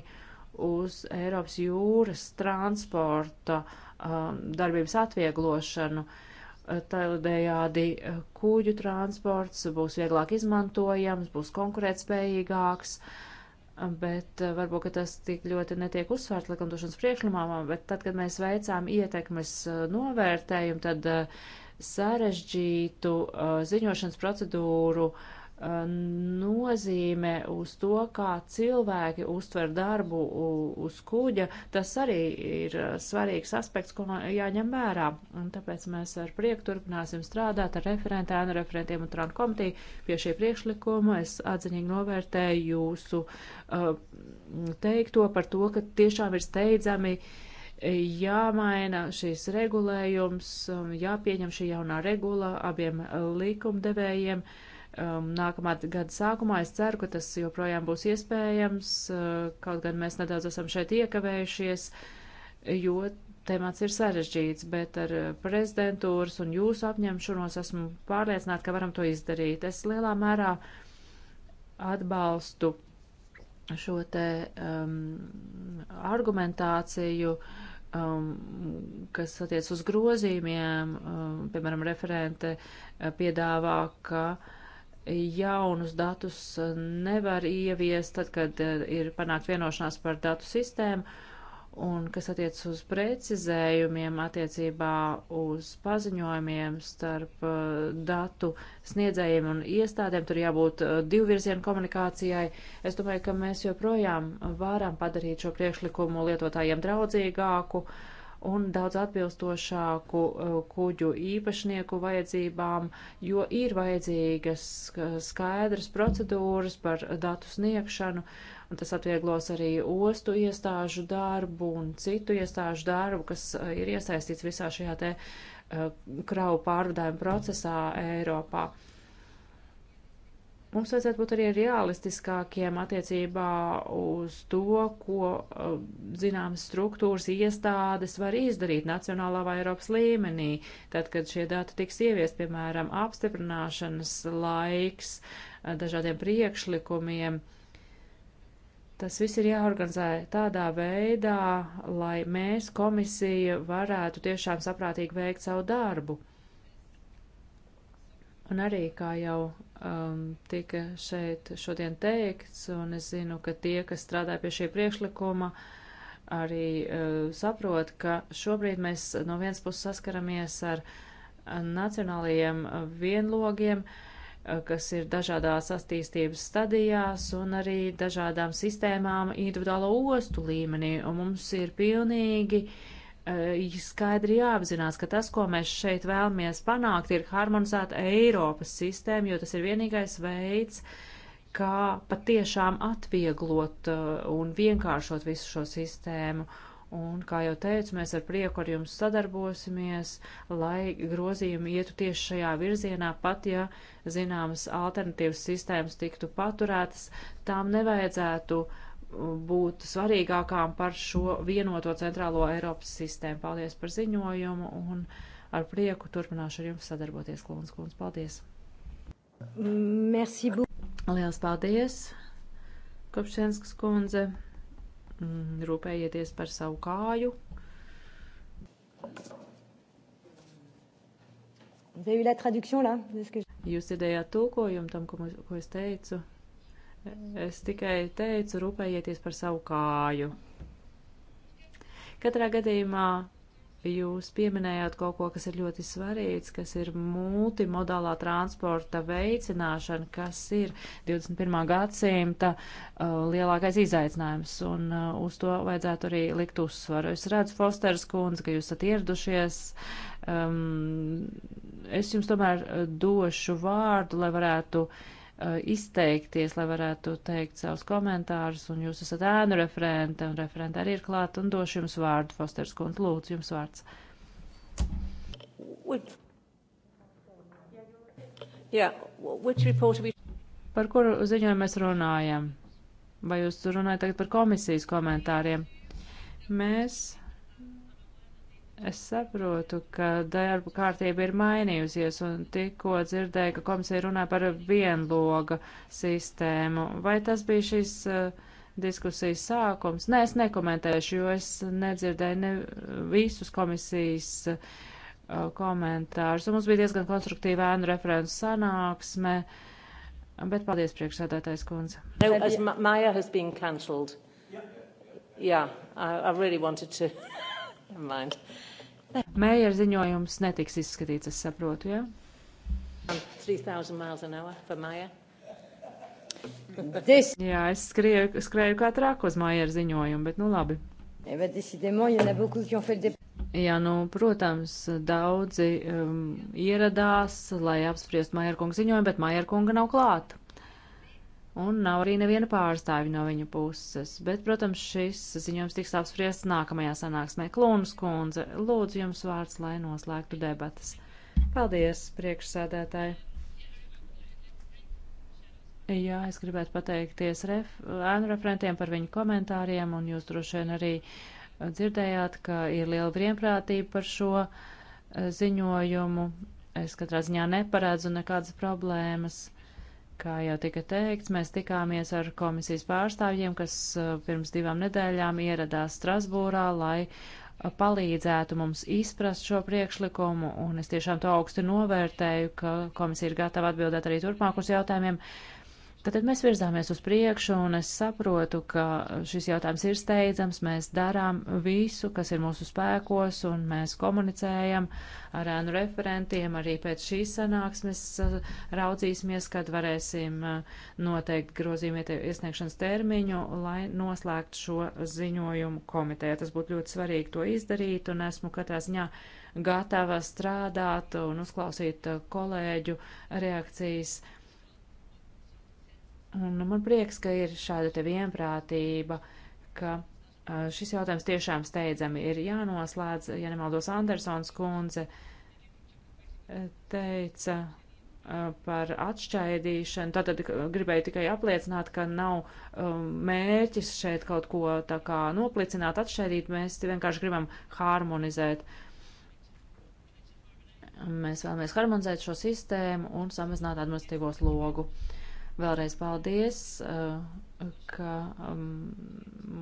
uz Eiropas jūras transporta um, darbības atvieglošanu. Tādējādi uh, kūģu transports būs vieglāk izmantojams, būs konkurētspējīgāks. Uh, bet eh, varbūt, ka tas tik ļoti netiek uzsvērts likumdošanas priekšlikumā, bet tad, kad mēs veicām ietekmes eh, novērtējumu, tad eh, sarežģītu ziņošanas procedūru uh, Uh, nozīme uz to, kā cilvēki uztver darbu uz kuģa, tas arī ir uh, svarīgs aspekts, ko jāņem vērā. Un tāpēc mēs ar prieku turpināsim strādāt ar referentēm, referentiem un trānu komitī pie šī priekšlikuma. Es atziņīgi novērtēju jūsu uh, teikto par to, ka tiešām ir steidzami jāmaina šīs regulējums, um, jāpieņem šī jaunā regula abiem likumdevējiem. Uh, um, nākamā gada sākumā. Es ceru, ka tas joprojām būs iespējams, uh, kaut gan mēs nedaudz esam šeit iekavējušies, jo temats ir sarežģīts, bet ar uh, prezidentūras un jūsu apņemšanos esmu pārliecināta, ka varam to izdarīt. Es lielā mērā atbalstu šo te um, argumentāciju, um, kas attiec uz grozījumiem, um, piemēram, referente uh, piedāvā, ka uh, jaunus datus eh, nevar ieviest, tad, kad eh, ir panākt vienošanās par datu sistēmu, un kas attiec uz precizējumiem attiecībā uz paziņojumiem starp eh, datu sniedzējiem un iestādēm, tur jābūt divvirzienu komunikācijai. Es domāju, ka mēs joprojām varam padarīt šo priekšlikumu lietotājiem draudzīgāku. Uh, un daudz atbilstošāku uh, kuģu īpašnieku vajadzībām, jo ir vajadzīgas skaidras procedūras par datu sniegšanu, un tas atvieglos arī ostu iestāžu darbu un citu iestāžu darbu, kas uh, ir iesaistīts visā šajā te uh, kravu pārvadājuma procesā Eiropā. Uh, Mums vajadzētu būt arī realistiskākiem attiecībā uz to, ko uh, zināmas struktūras iestādes var izdarīt nacionālā vai Eiropas līmenī, tad, kad šie dati tiks ieviest, piemēram, apstiprināšanas laiks uh, dažādiem priekšlikumiem. Tas viss ir jāorganizē tādā veidā, lai mēs, komisija, varētu tiešām saprātīgi veikt savu darbu. Un arī, kā jau um, tika šeit šodien teikts, un es zinu, ka tie, kas strādā pie šī priekšlikuma, arī uh, saprot, ka šobrīd mēs no vienas puses saskaramies ar uh, nacionālajiem uh, vienlogiem, uh, kas ir dažādās attīstības stadijās un arī dažādām sistēmām individuālo ostu līmenī, un mums ir pilnīgi uh, skaidri jāapzinās, ka tas, ko mēs šeit vēlamies panākt, ir harmonizēta Eiropas sistēma, jo tas ir vienīgais veids, kā patiešām atvieglot un vienkāršot visu šo sistēmu. Un, kā jau teicu, mēs ar prieku ar jums sadarbosimies, lai grozījumi ietu tieši šajā virzienā, pat ja zināmas alternatīvas sistēmas tiktu paturētas, tām nevajadzētu uh, būt svarīgākām par šo vienoto centrālo Eiropas sistēmu. Paldies par ziņojumu un ar prieku turpināšu ar jums sadarboties, Klūns Klūns. Paldies! Merci beaucoup! Liels paldies, Kopšenskas kundze! Mm, rūpējieties par savu kāju! Jūs dzirdējāt tulkojumu tam, ko, ko es teicu? Es tikai teicu, rūpējieties par savu kāju. Katrā gadījumā jūs pieminējāt kaut ko, kas ir ļoti svarīgs, kas ir multimodālā transporta veicināšana, kas ir 21. gadsimta uh, lielākais izaicinājums, un uh, uz to vajadzētu arī likt uzsvaru. Es redzu, Fosters kundze, ka jūs esat ieradušies. Um, es jums tomēr uh, došu vārdu, lai varētu uh, Uh, izteikties, lai varētu teikt savus komentārus, un jūs esat ēnu referente, un referente arī ir klāta, un došu jums vārdu, Fosters kundze, lūdzu, jums vārds. Which, yeah, which we... Par kuru ziņojumu mēs runājam? Vai jūs runājat tagad par komisijas komentāriem? Mēs Es saprotu, ka darba kārtība ir mainījusies un tikko dzirdēju, ka komisija runā par vienloga sistēmu. Vai tas bija šīs uh, eh, diskusijas sākums? Nē, es nekomentēšu, jo es nedzirdēju ne visus komisijas uh, komentārus. Un mums bija diezgan konstruktīva ēnu referents sanāksme, bet paldies priekšsēdētājs kundze. No, Maija has been cancelled. Yeah, I, I really wanted to. Never mind. Mējer ziņojums netiks izskatīts, es saprotu, jā? Um, ja? This... Jā, es skrēju, skrēju kā trākos māja ar ziņojumu, bet nu labi. Eh, jā, nu, protams, daudzi um, ieradās, lai apspriestu Majerkunga ziņojumu, bet Majerkunga nav klāta un nav arī neviena pārstāvja no viņa puses. Bet, protams, šis ziņojums tiks apspriests nākamajā sanāksmē. Klūnas kundze, lūdzu jums vārds, lai noslēgtu debatas. Paldies, priekšsēdētāji! Jā, es gribētu pateikties ref, ēnu referentiem par viņu komentāriem, un jūs droši vien arī dzirdējāt, ka ir liela vienprātība par šo e, ziņojumu. Es katrā ziņā neparedzu nekādas problēmas. Kā jau tika teikts, mēs tikāmies ar komisijas pārstāvjiem, kas uh, pirms divām nedēļām ieradās Strasbūrā, lai uh, palīdzētu mums izprast šo priekšlikumu, un es tiešām to augstu novērtēju, ka komisija ir gatava atbildēt arī turpmāk uz jautājumiem. Tātad mēs virzāmies uz priekšu, un es saprotu, ka šis jautājums ir steidzams. Mēs darām visu, kas ir mūsu spēkos, un mēs komunicējam ar ēnu referentiem. Arī pēc šīs sanāksmes uh, raudzīsimies, kad varēsim uh, noteikt grozījumu iesniegšanas termiņu, lai noslēgtu šo ziņojumu komitejā. Tas būtu ļoti svarīgi to izdarīt, un esmu katrā ziņā gatava strādāt un uzklausīt uh, kolēģu reakcijas Un nu, man prieks, ka ir šāda te vienprātība, ka šis jautājums tiešām steidzami ir jānoslēdz, ja nemaldos Andersons kundze teica par atšķaidīšanu. Tātad gribēju tikai apliecināt, ka nav mērķis šeit kaut ko tā kā noplicināt, atšķaidīt. Mēs vienkārši gribam harmonizēt. Mēs vēlamies harmonizēt šo sistēmu un samazināt administratīvo slogu. Uh, Vēlreiz paldies, eh, ka mm,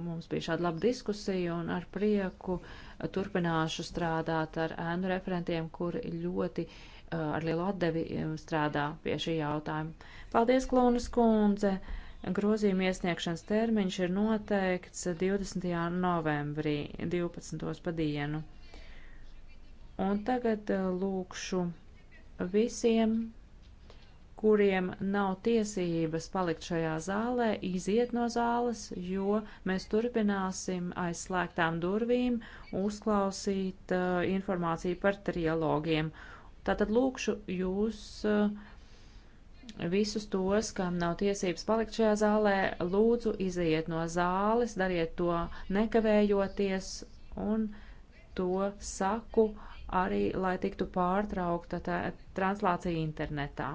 mums bija šāda laba diskusija un ar prieku turpināšu strādāt ar ēnu referentiem, kuri ļoti eh, ar lielu atdevi eh, strādā pie šī jautājuma. Paldies, Klonas kundze! Grozījuma iesniegšanas termiņš ir noteikts 20. novembrī 12. pa dienu. Un tagad lūkšu visiem kuriem nav tiesības palikt šajā zālē, iziet no zāles, jo mēs turpināsim aizslēgtām durvīm uzklausīt uh, informāciju par trilogiem. Tātad lūkšu jūs uh, visus tos, kam nav tiesības palikt šajā zālē, lūdzu iziet no zāles, dariet to nekavējoties un to saku arī, lai tiktu pārtraukta tā, translācija internetā.